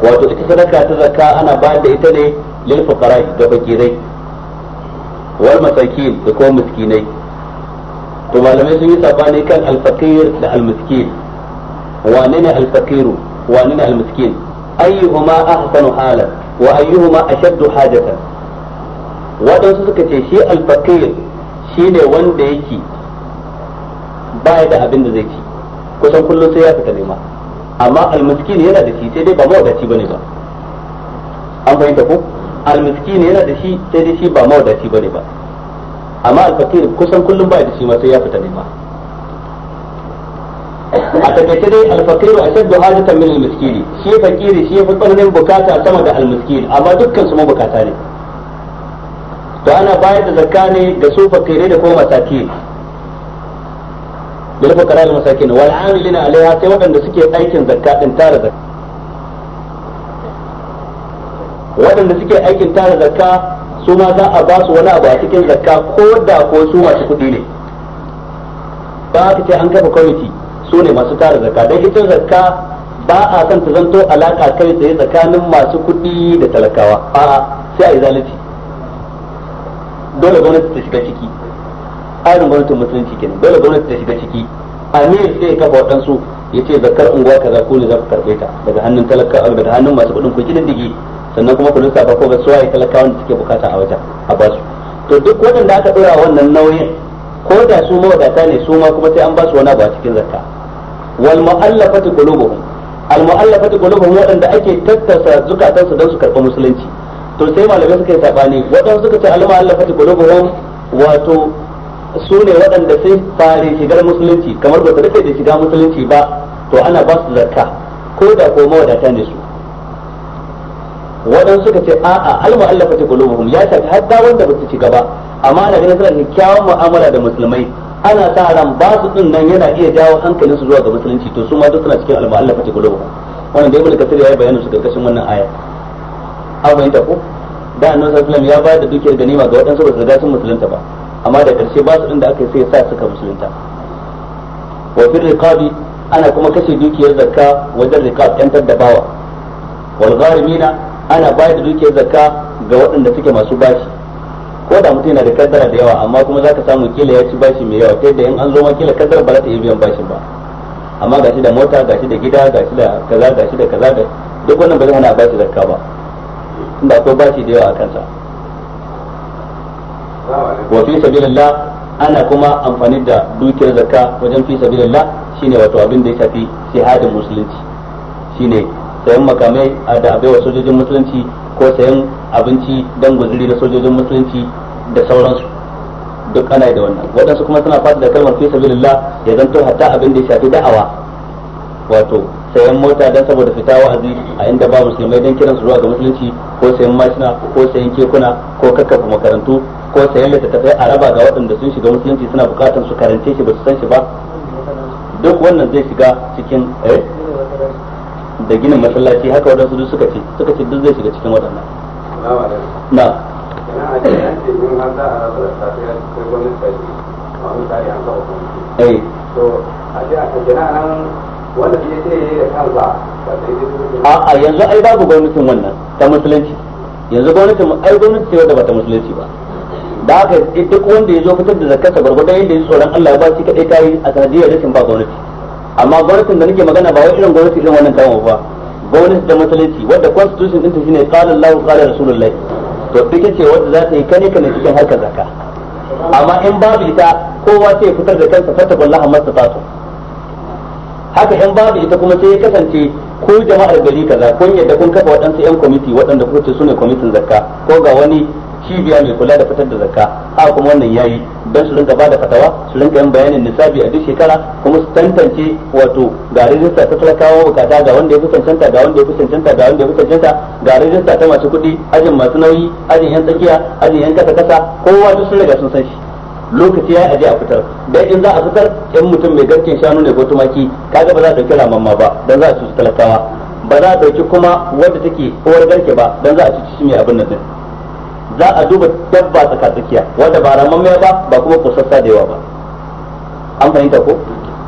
wato ita sadaka ta zakka ana ba da ita ne lil fuqara ga fakirai wal masakin da kuma miskinai to malamai sun yi sabani kan al faqir da al miskin wane ne al faqiru wane ne al miskin ayyuhuma ahsanu halan wa ayyuhuma ashaddu hajatan waɗansu suka ce shi al faqir shine wanda yake baya da abin da zai ci kusan kullum sai ya fita nema amma ne yana da shi sai dai ba mawadaci bane ba an fahimta ko ne yana da shi sai dai shi ba mawadaci bane ba amma alfakir kusan kullum ba da shi ma sai ya fita nema a takaice dai alfakiru ashaddu hajatan min almiskini shi fakiri shi fi tsananin bukata sama da almiskini amma dukkan su mabukata ne to ana bayar da zakka ne ga su fakirai da kuma masakiri bil fuqara masaki na wal amilina alaiha sai waɗanda suke aikin zakka din tara da waɗanda suke aikin tara zakka su ma za a ba su wani abu a cikin zakka ko da ko su masu kuɗi ne ba ka ce an kafa kwamiti su ne masu tara zakka dan ita zakka ba a san ta zanto alaka kai tsaye tsakanin masu kuɗi da talakawa a'a sai a yi zalunci dole gwamnati ta shiga ciki tsarin gwamnatin musulunci kenan dole gwamnati ta shiga ciki amir sai ya kafa waɗansu ya ce zakar unguwa kaza ko ne za ku karɓe ta daga hannun talaka daga hannun masu kuɗin ku kidan digi sannan kuma ku safa ko ba ya talakawa talakawan da suke bukata a wajen a basu to duk waɗanda aka ɗora wannan nauyin ko da su mawadata ne su ma kuma sai an basu wani abu a cikin zakka wal mu'allafati qulubuhum al mu'allafati qulubuhum waɗanda ake tattasa zukatansu don su karɓi musulunci to sai malamai suka yi sabani waɗansu suka ce al mu'allafati qulubuhum wato su ne waɗanda sun fare shigar musulunci kamar ba su rike da shiga musulunci ba to ana ba su zakka ko da ko mawadata ne su waɗansu suka ce a'a alma Allah fata qulubuhum ya shafi hadda wanda ba su shiga ba amma ana ganin suna kyakkyawan mu'amala da musulmai ana sa ran ba su din nan yana iya jawo hankalin su zuwa ga musulunci to su ma duk suna cikin alma Allah fata qulubuhum wannan da ibnu kasir ya yi bayanin su karkashin wannan aya an fahimta ko da annabi sallallahu alaihi wasallam ya bayar da dukiyar ganima ga waɗansu ba su riga sun musulunta ba amma da karshe ba su inda aka sai sa suka musulunta wa fil riqabi ana kuma kashe dukiyar zakka wajen riqab yan taddabawa wal gharimina ana bayar da dukiyar zakka ga waɗanda suke masu bashi ko da mutum yana da kaddara da yawa amma kuma zaka samu kila ya ci bashi mai yawa sai da in an zo ma kila kaddara ba za ta iya biyan bashin ba amma gashi da mota gashi da gida gashi da kaza gashi da kaza duk wannan ba zai hana bashi zakka ba tunda akwai bashi da yawa a kansa wa fi sabilillah ana kuma amfani da dukiyar zakka wajen fi sabilillah shine wato abin da ya shafi shahadin musulunci shine sayan makamai da abewa sojojin musulunci ko sayan abinci dan guzuri da sojojin musulunci da sauransu duk ana da wannan waɗansu kuma suna fata da kalmar fi sabilillah ya zanto hatta abin da ya shafi da'awa wato sayan mota dan saboda fita wa'azi a inda ba musulmai dan kiransu zuwa ga musulunci ko sayan mashina ko sayan kekuna ko kakkafa makarantu ko sayan littattafai a raba ga waɗanda sun shiga musulunci suna bukatar su karance shi ba su san shi ba duk wannan zai shiga cikin eh, da ginin masallaci haka waɗansu duk suka ce suka ce duk zai shiga cikin waɗannan na eh a yanzu ai babu gwamnatin wannan ta musulunci yanzu gwamnatin ai gwamnati ce wadda ba ta musulunci ba da aka yi duk wanda ya zo fitar da zakarsa gwargwadon yadda ya tsoron Allah ba shi kaɗai tayi a sanadiyar rashin ba gwamnati amma gwamnatin da nake magana ba wai irin gwamnati irin wannan tamu ba gwamnati da matsalaci wadda constitution din ta shine qala Allahu qala rasulullahi to duk ce wadda za ta yi kane kane cikin harkar zakka amma in babu ita kowa sai fitar da kansa fatakullaha tato haka in babu ita kuma sai ya kasance ko jama'ar gari kaza kun yadda kun kafa waɗansu 'yan kwamiti waɗanda kuka ce su ne kwamitin zakka ko ga wani cibiya mai kula da fitar da zakka a kuma wannan yayi don su rinka bada fatawa su rinka yin bayanin nisabi a duk shekara kuma su tantance wato ga rijista ta talakawa bukata ga wanda ya fi cancanta ga wanda ya fi cancanta ga wanda ya fi cancanta ga rijista ta masu kuɗi ajin masu nauyi ajin yan tsakiya ajin yan kasa kasa kowa duk sun riga sun san shi lokaci ya aje a fitar dai in za a fitar in mutum mai garken shanu ne ko tumaki kaga ba za a dauki ramamma ba dan za a su talakawa ba za a dauki kuma wadda take uwar garke ba don za a ci shi mai abin nan din za a duba dabba tsakiya wanda ba ramammiya ba ba kuma kusassa da yawa ba an fahimta ko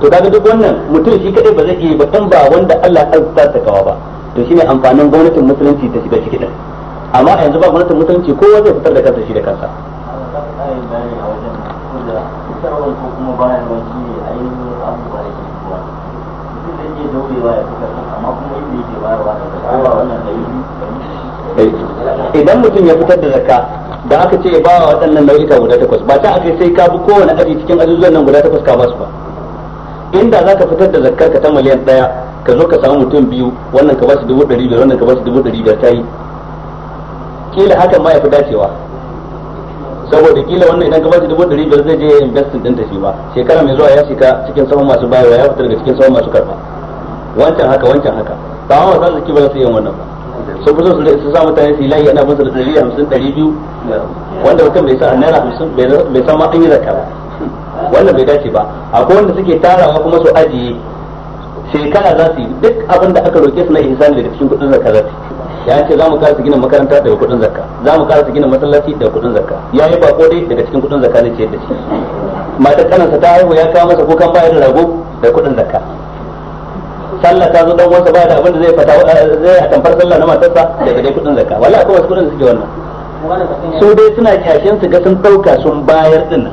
to daga duk wannan mutum shi kadai ba zai iya ba dan ba wanda Allah ya tsara kawa ba to shine amfanin gwamnatin musulunci ta shiga ciki din amma yanzu ba gwamnatin musulunci kowa zai fitar da kansa shi da kansa idan mutum ya fitar da zakka da aka ce ba wa waɗannan nau'ika guda takwas ba ta aka sai ka bi kowane aji cikin ajujuwan nan guda takwas ka basu ba inda za ka fitar da zakkar ka ta miliyan ɗaya ka zo ka samu mutum biyu wannan ka basu dubu ɗari biyar wannan ka basu dubu ɗari biyar ta yi kila hakan ma ya fi dacewa saboda kila wannan idan ka su dubu ɗari biyar zai je ya investin ɗin ta ba shekara mai zuwa ya shiga cikin sahun masu bayarwa ya fita daga cikin sahun masu karɓa wancan haka wancan haka ba ma masu ki ba za su yin wannan ba sun fi so su sa mutane su yi layi ana musu da ɗari hamsin ɗari biyu wanda mutum bai sa a naira hamsin bai san ma an yi zakka ba wannan bai dace ba akwai wanda suke tarawa kuma su ajiye shekara za su yi duk abin da aka roƙe su na ihsani daga cikin kuɗin zakka za su ya ce za mu kara su gina makaranta daga kuɗin zakka za mu kara su gina masallaci daga kuɗin zakka ya yi bako dai daga cikin kuɗin zakka ne ce da shi matar kanansa ta haihu ya kawo masa kukan bayar da rago da kuɗin zakka sallah ta zo dan wanda ba da abin da zai fata eh, zai a tamfar sallah na matarsa daga dai kudin zakka wala akwai wasu kudin da suke wannan su dai suna kyashin su ga sun dauka sun bayar din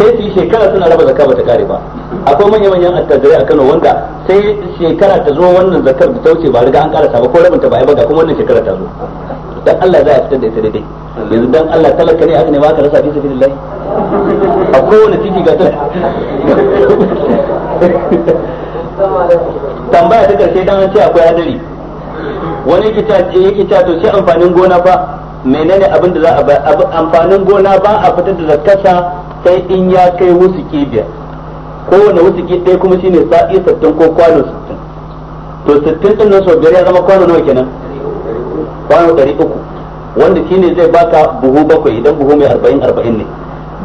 sai su yi shekara suna raba zakka bata kare ba akwai manya manyan attajirai a Kano wanda sai shekara ta zo wannan zakkar da ta wuce ba riga an karasa ba ko rabin ta ba ba ga kuma wannan shekara ta zo dan Allah za ya fitar da ita daidai yanzu dan Allah talaka ne aka ne ba ka rasa fi sabilillah a kowane titi ga ta tambaya ta karshe dan an ce akwai hadari wani yake ta yake ta to sai amfanin gona ba menene abin da za a amfanin gona ba a fitar da zakkarsa sai in ya kai ko biyar kowane wusuki ɗaya kuma shine sa'i sittin ko kwano sittin to sittin din nan sau biyar ya zama kwano nawa kenan kwano ɗari uku wanda shine zai baka buhu bakwai idan buhu mai arba'in arba'in ne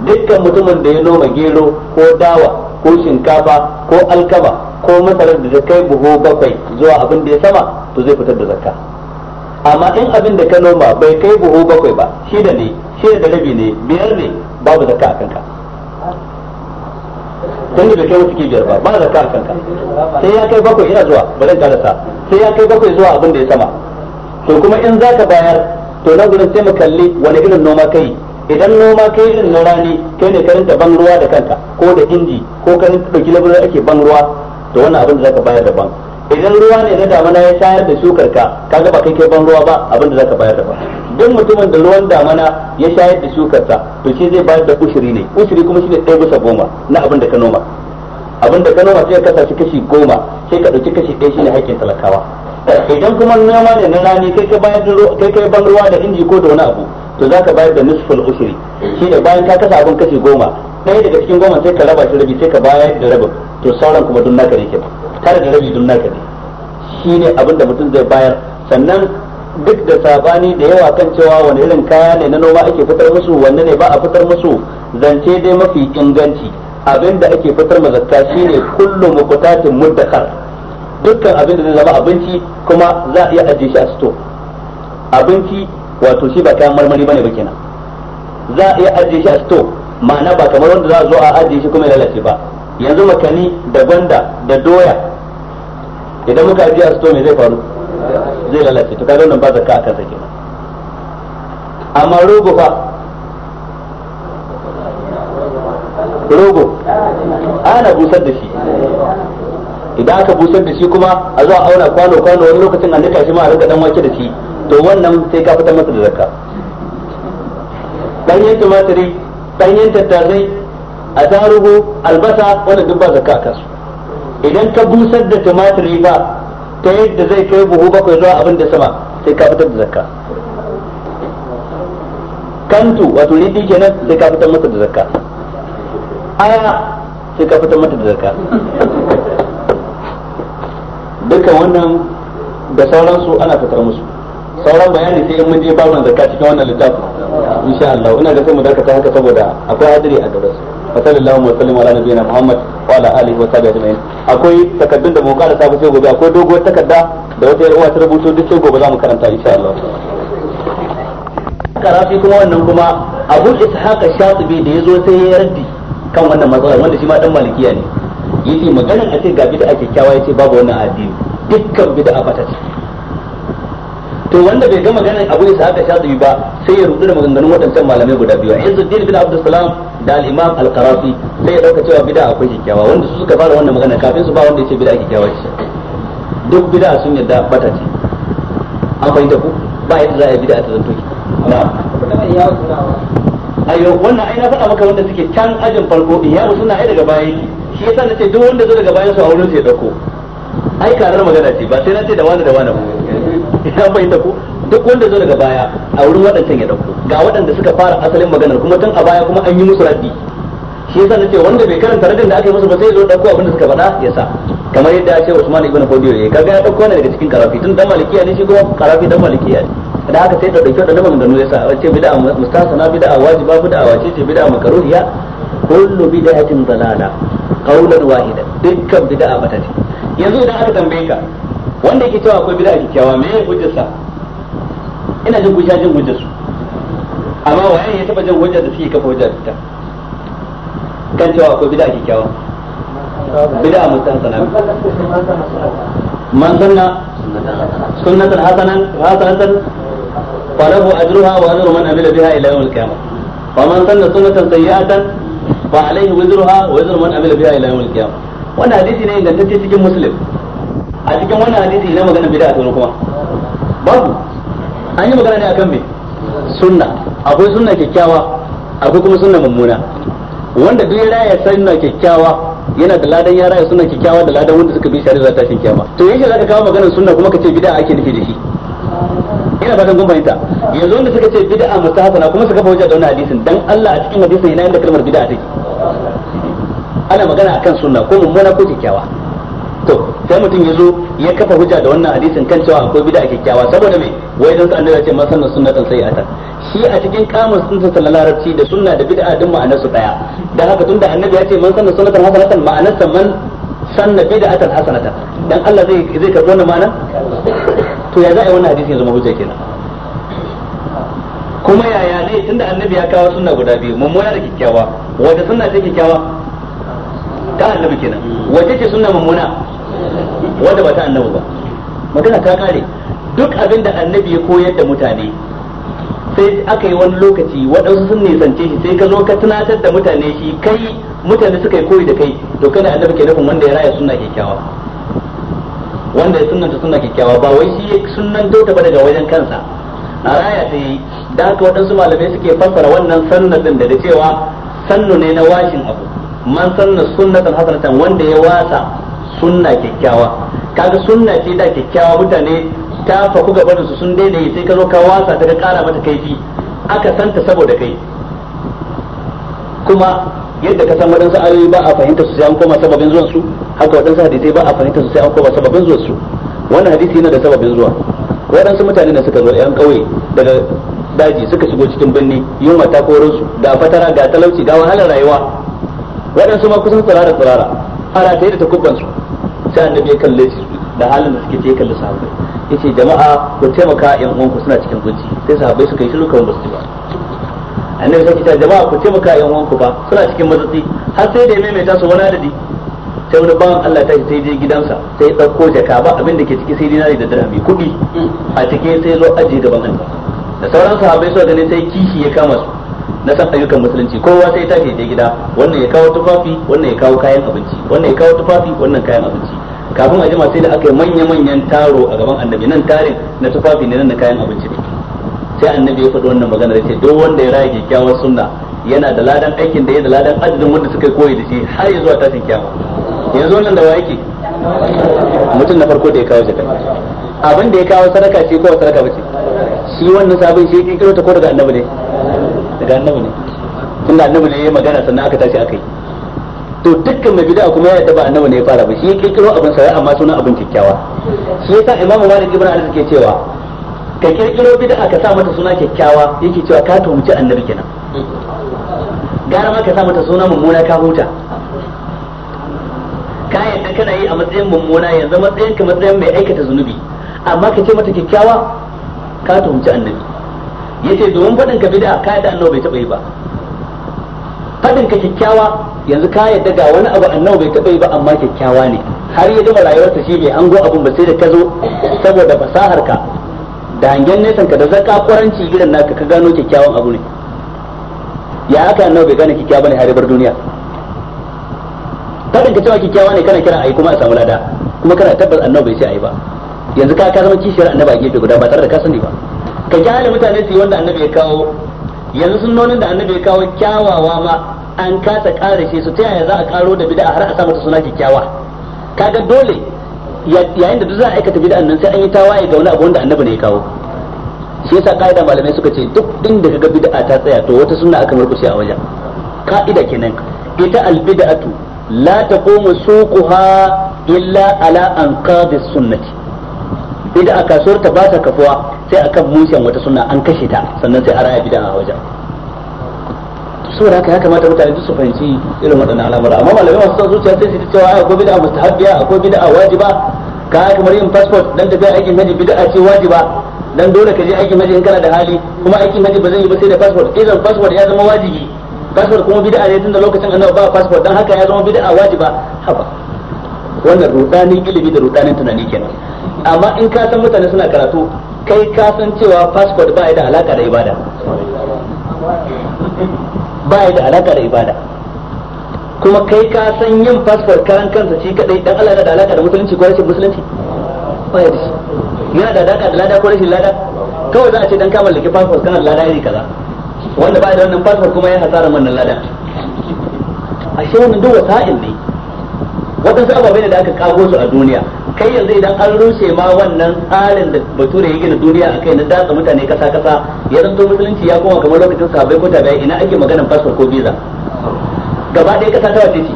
dukkan mutumin da ya noma gero ko dawa ko shinkafa ko alkama ko masarar da kai buhu bakwai zuwa abin da ya sama to zai fitar da zakka amma in abin da ka noma bai kai buhu bakwai ba shida ne shida da rabi ne biyar ne babu zakka a kanka kun da kai wuce biyar ba ba zakka a kanka sai ya kai bakwai ina zuwa ba zan karasa sai ya kai bakwai zuwa abin da ya sama to kuma in za ka bayar to na gurin sai mu kalli wani irin noma kai idan noma kai irin na rani kai ne ka ban ruwa da kanka ko da inji ko ka rinka ɗauki labarai ake ban ruwa to wannan abin da zaka bayar da ban idan ruwa ne na damana ya shayar da shukar ka kaga ba kai kai ban ruwa ba abin da zaka bayar da ban duk mutumin da ruwan damana ya shayar da shukar sa to shi zai bayar da ushiri ne ushiri kuma shine ɗaya bisa goma na abin da ka noma abin da ka noma sai ka kasa kashi goma sai ka ɗauki kashi ɗaya shine haƙƙin talakawa idan kuma noma ne na rani kai kai bayar da kai kai ban ruwa da inji ko da wani abu to zaka bayar da nisful ushiri shine bayan ka kasa abin kashi goma ɗaya daga cikin goma sai ka raba shi rabi sai ka bayar da rabin to sauran kuma dun naka ne kenan tare da rabi dun naka ne shine abin da mutum zai bayar sannan duk da sabani da yawa kan cewa wani irin kaya ne na noma ake fitar musu wanne ne ba a fitar musu zance dai mafi inganci abin da ake fitar ma zakka shine kullu muqtatin muddakar dukkan abin da zai zama abinci kuma za a iya ajiye shi a sito abinci wato shi ba kayan marmari bane ba kenan za a iya ajiye shi a sito. ma'ana ba kamar wanda za a zo a ajiye shi kuma ya lalace ba yanzu makani da gwanda da doya idan muka ajiye a sito me zai faru zai lalace to kaga wannan ba zakka akan sa kenan amma rogo fa rogo ana busar da shi idan aka busar da shi kuma a zo a auna kwano kwano wani lokacin an nika shi ma a rika dan wake da shi to wannan sai ka fitar masa da zakka dan yin tumatiri ɗanyen tattasai a tarugu albasa wanda duk ba zakka a kasu idan ka busar da tumatiri ba ta yadda zai kai buhu bakwai zuwa abin da sama sai ka fitar da zakka kantu wato riɗi kenan sai ka fitar masa da zakka aya sai ka fitar mata da zakka dukkan wannan da sauransu ana fitar musu sauran bayani sai in mun je babban zakka cikin wannan littafin insha Allah ina da sai mu dakata haka saboda akwai hadiri a gaba fa sallallahu alaihi wa sallam ala nabiyina muhammad wa ala alihi wa sahbihi ajma'in akwai takaddun da mu kara safi sai gobe akwai doguwar takarda da wata yar uwa ta rubuto duk sai gobe za mu karanta insha Allah karafi kuma wannan kuma abu ishaq shatibi da yazo sai ya raddi kan wannan matsalar wanda shi ma dan malikiya ne yace maganar a ce ga bid'a kyakkyawa yace babu wannan addini dukkan bid'a bata ce to wanda bai ga maganar abu sahaba sha shafi ba sai ya rubuta maganganun waɗancan malamai guda biyu din bin Abdul Salam da al-Imam al-Qarafi sai ya dauka cewa bid'a akwai kikkiawa wanda su suka fara wannan magana kafin su ba wanda yace bid'a kikkiawa ce duk bid'a sun yadda bata ce an fahimta ku ba yadda za a yi bid'a ta zanto ki ayo wannan ai na faɗa maka wanda suke can ajin farko ya suna ai daga baya shi yasa nace duk wanda zo daga bayan su a wurin sai ya dauko ai karar magana ce ba sai na ce da wani da wani ba ka fahimta ko duk wanda zo daga baya a wurin waɗancan ya dauko ga waɗanda suka fara asalin maganar kuma tun a baya kuma an yi musu raddi shi yasa nace wanda bai karanta raddin da aka yi musu ba sai zo dauko abin da suka faɗa ya sa kamar yadda ya ce Usman ibn Fodiyo ya kaga ya dauko ne daga cikin karafi tun dan malikiya ne shi kuma karafi dan malikiya ne da haka sai da kyau da nabar ganu ya sa wace bid'a mustasana bid'a wajiba bid'a wace ce bid'a makaruhiya kullu bid'atin dalala qawlan wahidan dukkan bid'a bata ce yanzu idan aka tambaye ka wanda yake cewa akwai bid'a kikkiawa me ya hujjar sa ina jin gushi jin hujjar su amma waye ya taba jin hujjar da suke kafa hujjar ta kan cewa akwai bid'a kikkiawa bid'a mustansana man sanna sunnatan hasanan hasanatan falahu ajruha wa ajru man amila biha ila yawm al-qiyamah wa man sanna sunnatan sayyi'atan fa alayhi wizruha wa wizru man amila biha ila yawm al-qiyamah wannan hadisi ne ingantacce cikin muslim a cikin wannan hadisi ina magana bid'a ta kuma babu an yi magana ne akan me sunna akwai sunna kyakkyawa akwai kuma sunna mummuna wanda duk ya san sunna kyakkyawa yana da ladan ya raya sunna kyakkyawa da ladan wanda suka bi shari'a za ta shin kiyama to yake zaka kawo maganar sunna kuma kace bid'a ake nufi da shi ina fatan kun fahimta yanzu wanda suka ce bid'a hasana kuma suka wajen da wannan hadisin dan Allah a cikin hadisin yana inda kalmar bid'a take ana magana akan sunna ko mummuna ko kyakkyawa to sai mutum ya zo ya kafa hujja da wannan hadisin kan cewa akwai bid'a kyakkyawa saboda me wai dan annabi ce masanna sunnatan sayyata shi a cikin kamus din sa larabci da sunna da bid'a din ma'anar su daya dan haka tunda annabi ya ce man sanna sunnatan hasanatan ma'anar sa man sanna bid'atan hasanatan dan Allah zai zai karbi wannan ma'ana to ya za a yi wannan hadisin zama hujja kenan kuma yaya ne tunda annabi ya kawo sunna guda biyu mummuna da kyakkyawa wanda sunna ce kyakkyawa ta annabi kenan wace ce sunna mummuna wanda ba ta annabi ba magana ta kare duk abin da annabi ya koyar da mutane sai aka yi wani lokaci waɗansu sun nisance shi sai ka zo ka tunatar da mutane shi kai mutane suka yi koyi da kai to kana annabi ke nufin wanda ya raya sunna kyakkyawa wanda ya sunnanta sunna kyakkyawa ba wai shi sunnan dauta ba daga wajen kansa a raya ta yi da haka waɗansu malamai suke fassara wannan sannan din da cewa sannu ne na washin abu man sanna sunnatan hasanatan wanda ya wasa sunna kyakkyawa kaga sunna ce da kyakkyawa mutane ta faku gaban su sun daina yi sai ka zo ka wasa daga kara mata kaifi aka santa saboda kai kuma yadda ka san waɗansu ayoyi ba a fahimta su sai an koma sababin zuwan su haka waɗansu hadisi ba a fahimta su sai an koma sababin zuwan su wannan hadisi yana da sababin zuwa waɗansu mutane da suka zo yan ƙauye daga daji suka shigo cikin birni yunwa ta koro su ga fatara ga talauci ga wahalar rayuwa waɗansu ma kusan tsirara tsirara ana ta yi da takubban su sai annabi ya kalle su da halin da suke ce kalle sahabbai ce jama'a ku taimaka yan uwanku suna cikin kunci sai sahabbai suka yi shiru kawai ba su ji ba annabi sai ta jama'a ku taimaka yan uwanku ba suna cikin matsatsi har sai da ya maimaita su wani adadi sai wani bawan Allah ta sai je gidansa sai ya ɗauko jaka ba abin da ke ciki sai dinari da dirhami kuɗi a cike sai zo aje gaban annabi da sauran sahabbai suka ganin sai kishi ya kama su na san ayyukan musulunci kowa sai tashi je gida wannan ya kawo tufafi wannan ya kawo kayan abinci wannan ya kawo tufafi wannan kayan abinci kafin a jima sai da aka yi manya-manyan taro a gaban annabi nan tarin na tufafi ne nan na kayan abinci sai annabi ya faɗi wannan magana da ce duk wanda ya raya kyakkyawar sunna yana da ladan aikin da ya da ladan adadin wanda suka koyi da shi har ya zuwa tashin kyawa yanzu wannan da wa yake mutum na farko da ya kawo jakar abin da ya kawo sadaka ce ko sadaka bace shi wannan sabon shi ya kirkiro ta ko daga annabi ne daga annabi ne tunda annabi ne ya magana sannan aka tashi aka yi to dukkan mai bid'a kuma ya ba annabi ne ya fara ba shi ya kirkiro abin sarai amma sunan abin kyakkyawa shi yasa imamu malik ibn anas ke cewa ka kirkiro bid'a ka sa mata suna kyakkyawa yake cewa ka tuhumci annabi kenan gara ma ka sa mata suna mummuna ka huta ka yadda kana yi a matsayin mummuna yanzu matsayin ka matsayin mai aikata zunubi amma ka ce mata kyakkyawa ka tuhumci annabi yace domin fadin ka bid'a ka yadda annabi bai taba yi ba fadin ka kyakkyawa yanzu ka yadda ga wani abu annabi bai taba yi ba amma kyakkyawa ne har yi gama rayuwarsa shi bai ango abun ba sai da ka zo saboda fasahar ka da hangen nesan ka da zaka kuranci gidan naka ka gano kyakkyawan abu ne ya haka annabi bai gane kyakkyawa ne har ya bar duniya fadin ka cewa kyakkyawa ne kana kira ayi kuma a samu lada kuma kana tabbas annabi bai sai ayi ba yanzu ka ka zama kishiyar annabi a gefe guda ba tare da ka sani ba ka hali mutane su yi wanda annabi ya kawo yanzu nonin da annabi ya kawo kyawawa ma an kasa kare shi su ta yaya za a karo da bid'a har a sa mata suna kyakkyawa kaga dole yayin da duk za a aikata bida nan sai an yi tawaye ga wani abu wanda annabi ne ya kawo shi yasa kaida malamai suka ce duk din da kaga bid'a ta tsaya to wata sunna aka murkushe a wajen ka'ida kenan ita albid'atu la taqumu suquha illa ala anqadis sunnati bid'a kasuwar ta ba ta kafuwa sai kan musiyan wata suna an kashe ta sannan sai a raya bid'a a wajen da haka ya kamata mutane duk su fahimci irin waɗannan al'amura amma malamai masu son zuciya sai su ce cewa akwai bid'a mustahabbiya akwai bid'a wajiba ka kamar yin passport dan tafiya aikin haji bid'a ce wajiba dan dole ka je aikin haji in kana da hali kuma aikin haji ba zai yi ba sai da passport idan passport ya zama wajibi passport kuma bid'a ne tunda lokacin annabi ba passport dan haka ya zama bid'a wajiba haba wannan rudanin ilimi da rudanin tunani kenan amma in ka san mutane suna karatu kai ka san cewa passport ba ya da alaka da ibada ba da alaka da ibada kuma kai ka san yin passport karan kansa shi kadai dan Allah da alaka da musulunci ko rashin musulunci ba ya da shi yana da alaka da lada ko rashin lada kawai za a ce dan ka mallaki passport kana lada iri kaza wanda ba da wannan passport kuma ya hasara wannan lada shi wannan duk wasa'il ne waɗansu ababai ne da aka kago su a duniya kai yanzu idan an rushe ma wannan tsarin da bature ya gina duniya a kai na datsa mutane kasa kasa ya zanto musulunci ya koma kamar lokacin sabai ko tabi'ai ina ake maganar fasfar ko biza gaba ɗaya kasa ta wace ce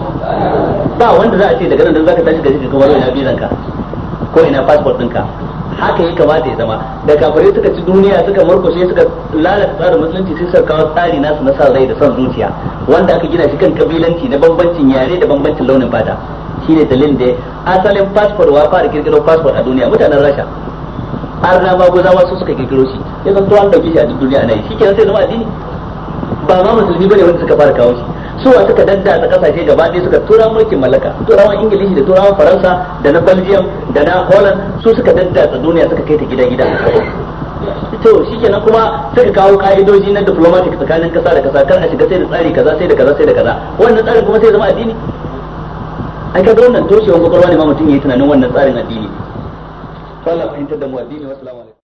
ba wanda za a ce daga nan za zaka tashi da shi kamar ina bizan ka ko ina passport ɗinka haka ya kamata ya zama da kafirai suka ci duniya suka murkushe suka lalata tsarin musulunci sai suka kawo tsari nasu na sa rai da son zuciya wanda aka gina shi kan kabilanci na bambancin yare da bambancin launin fata shine dalilin da asalin passport wa fara kirkiro passport a duniya mutanen rasha har na ba gozawa su suka kirkiro shi ya san to an dauke shi a duk duniya ana yi shi sai zama addini ba ma musulmi bane wanda suka fara kawo shi su wa suka daddasa kasashe gaba ɗaya suka tura mulkin mallaka turawan ingilishi da turawan faransa da na belgium da na holland su suka daddasa duniya suka kai ta gida gida to shikenan kuma suka kawo ka'idoji na diplomatic tsakanin kasa da kasa kar a shiga sai da tsari kaza sai da kaza sai da kaza wannan tsarin kuma sai zama addini ai ka zo wannan toshewan kwakwalwa ne ma mutum ya yi tunanin wannan tsarin addini to Allah fahimtar da mu addini wasu wassalamu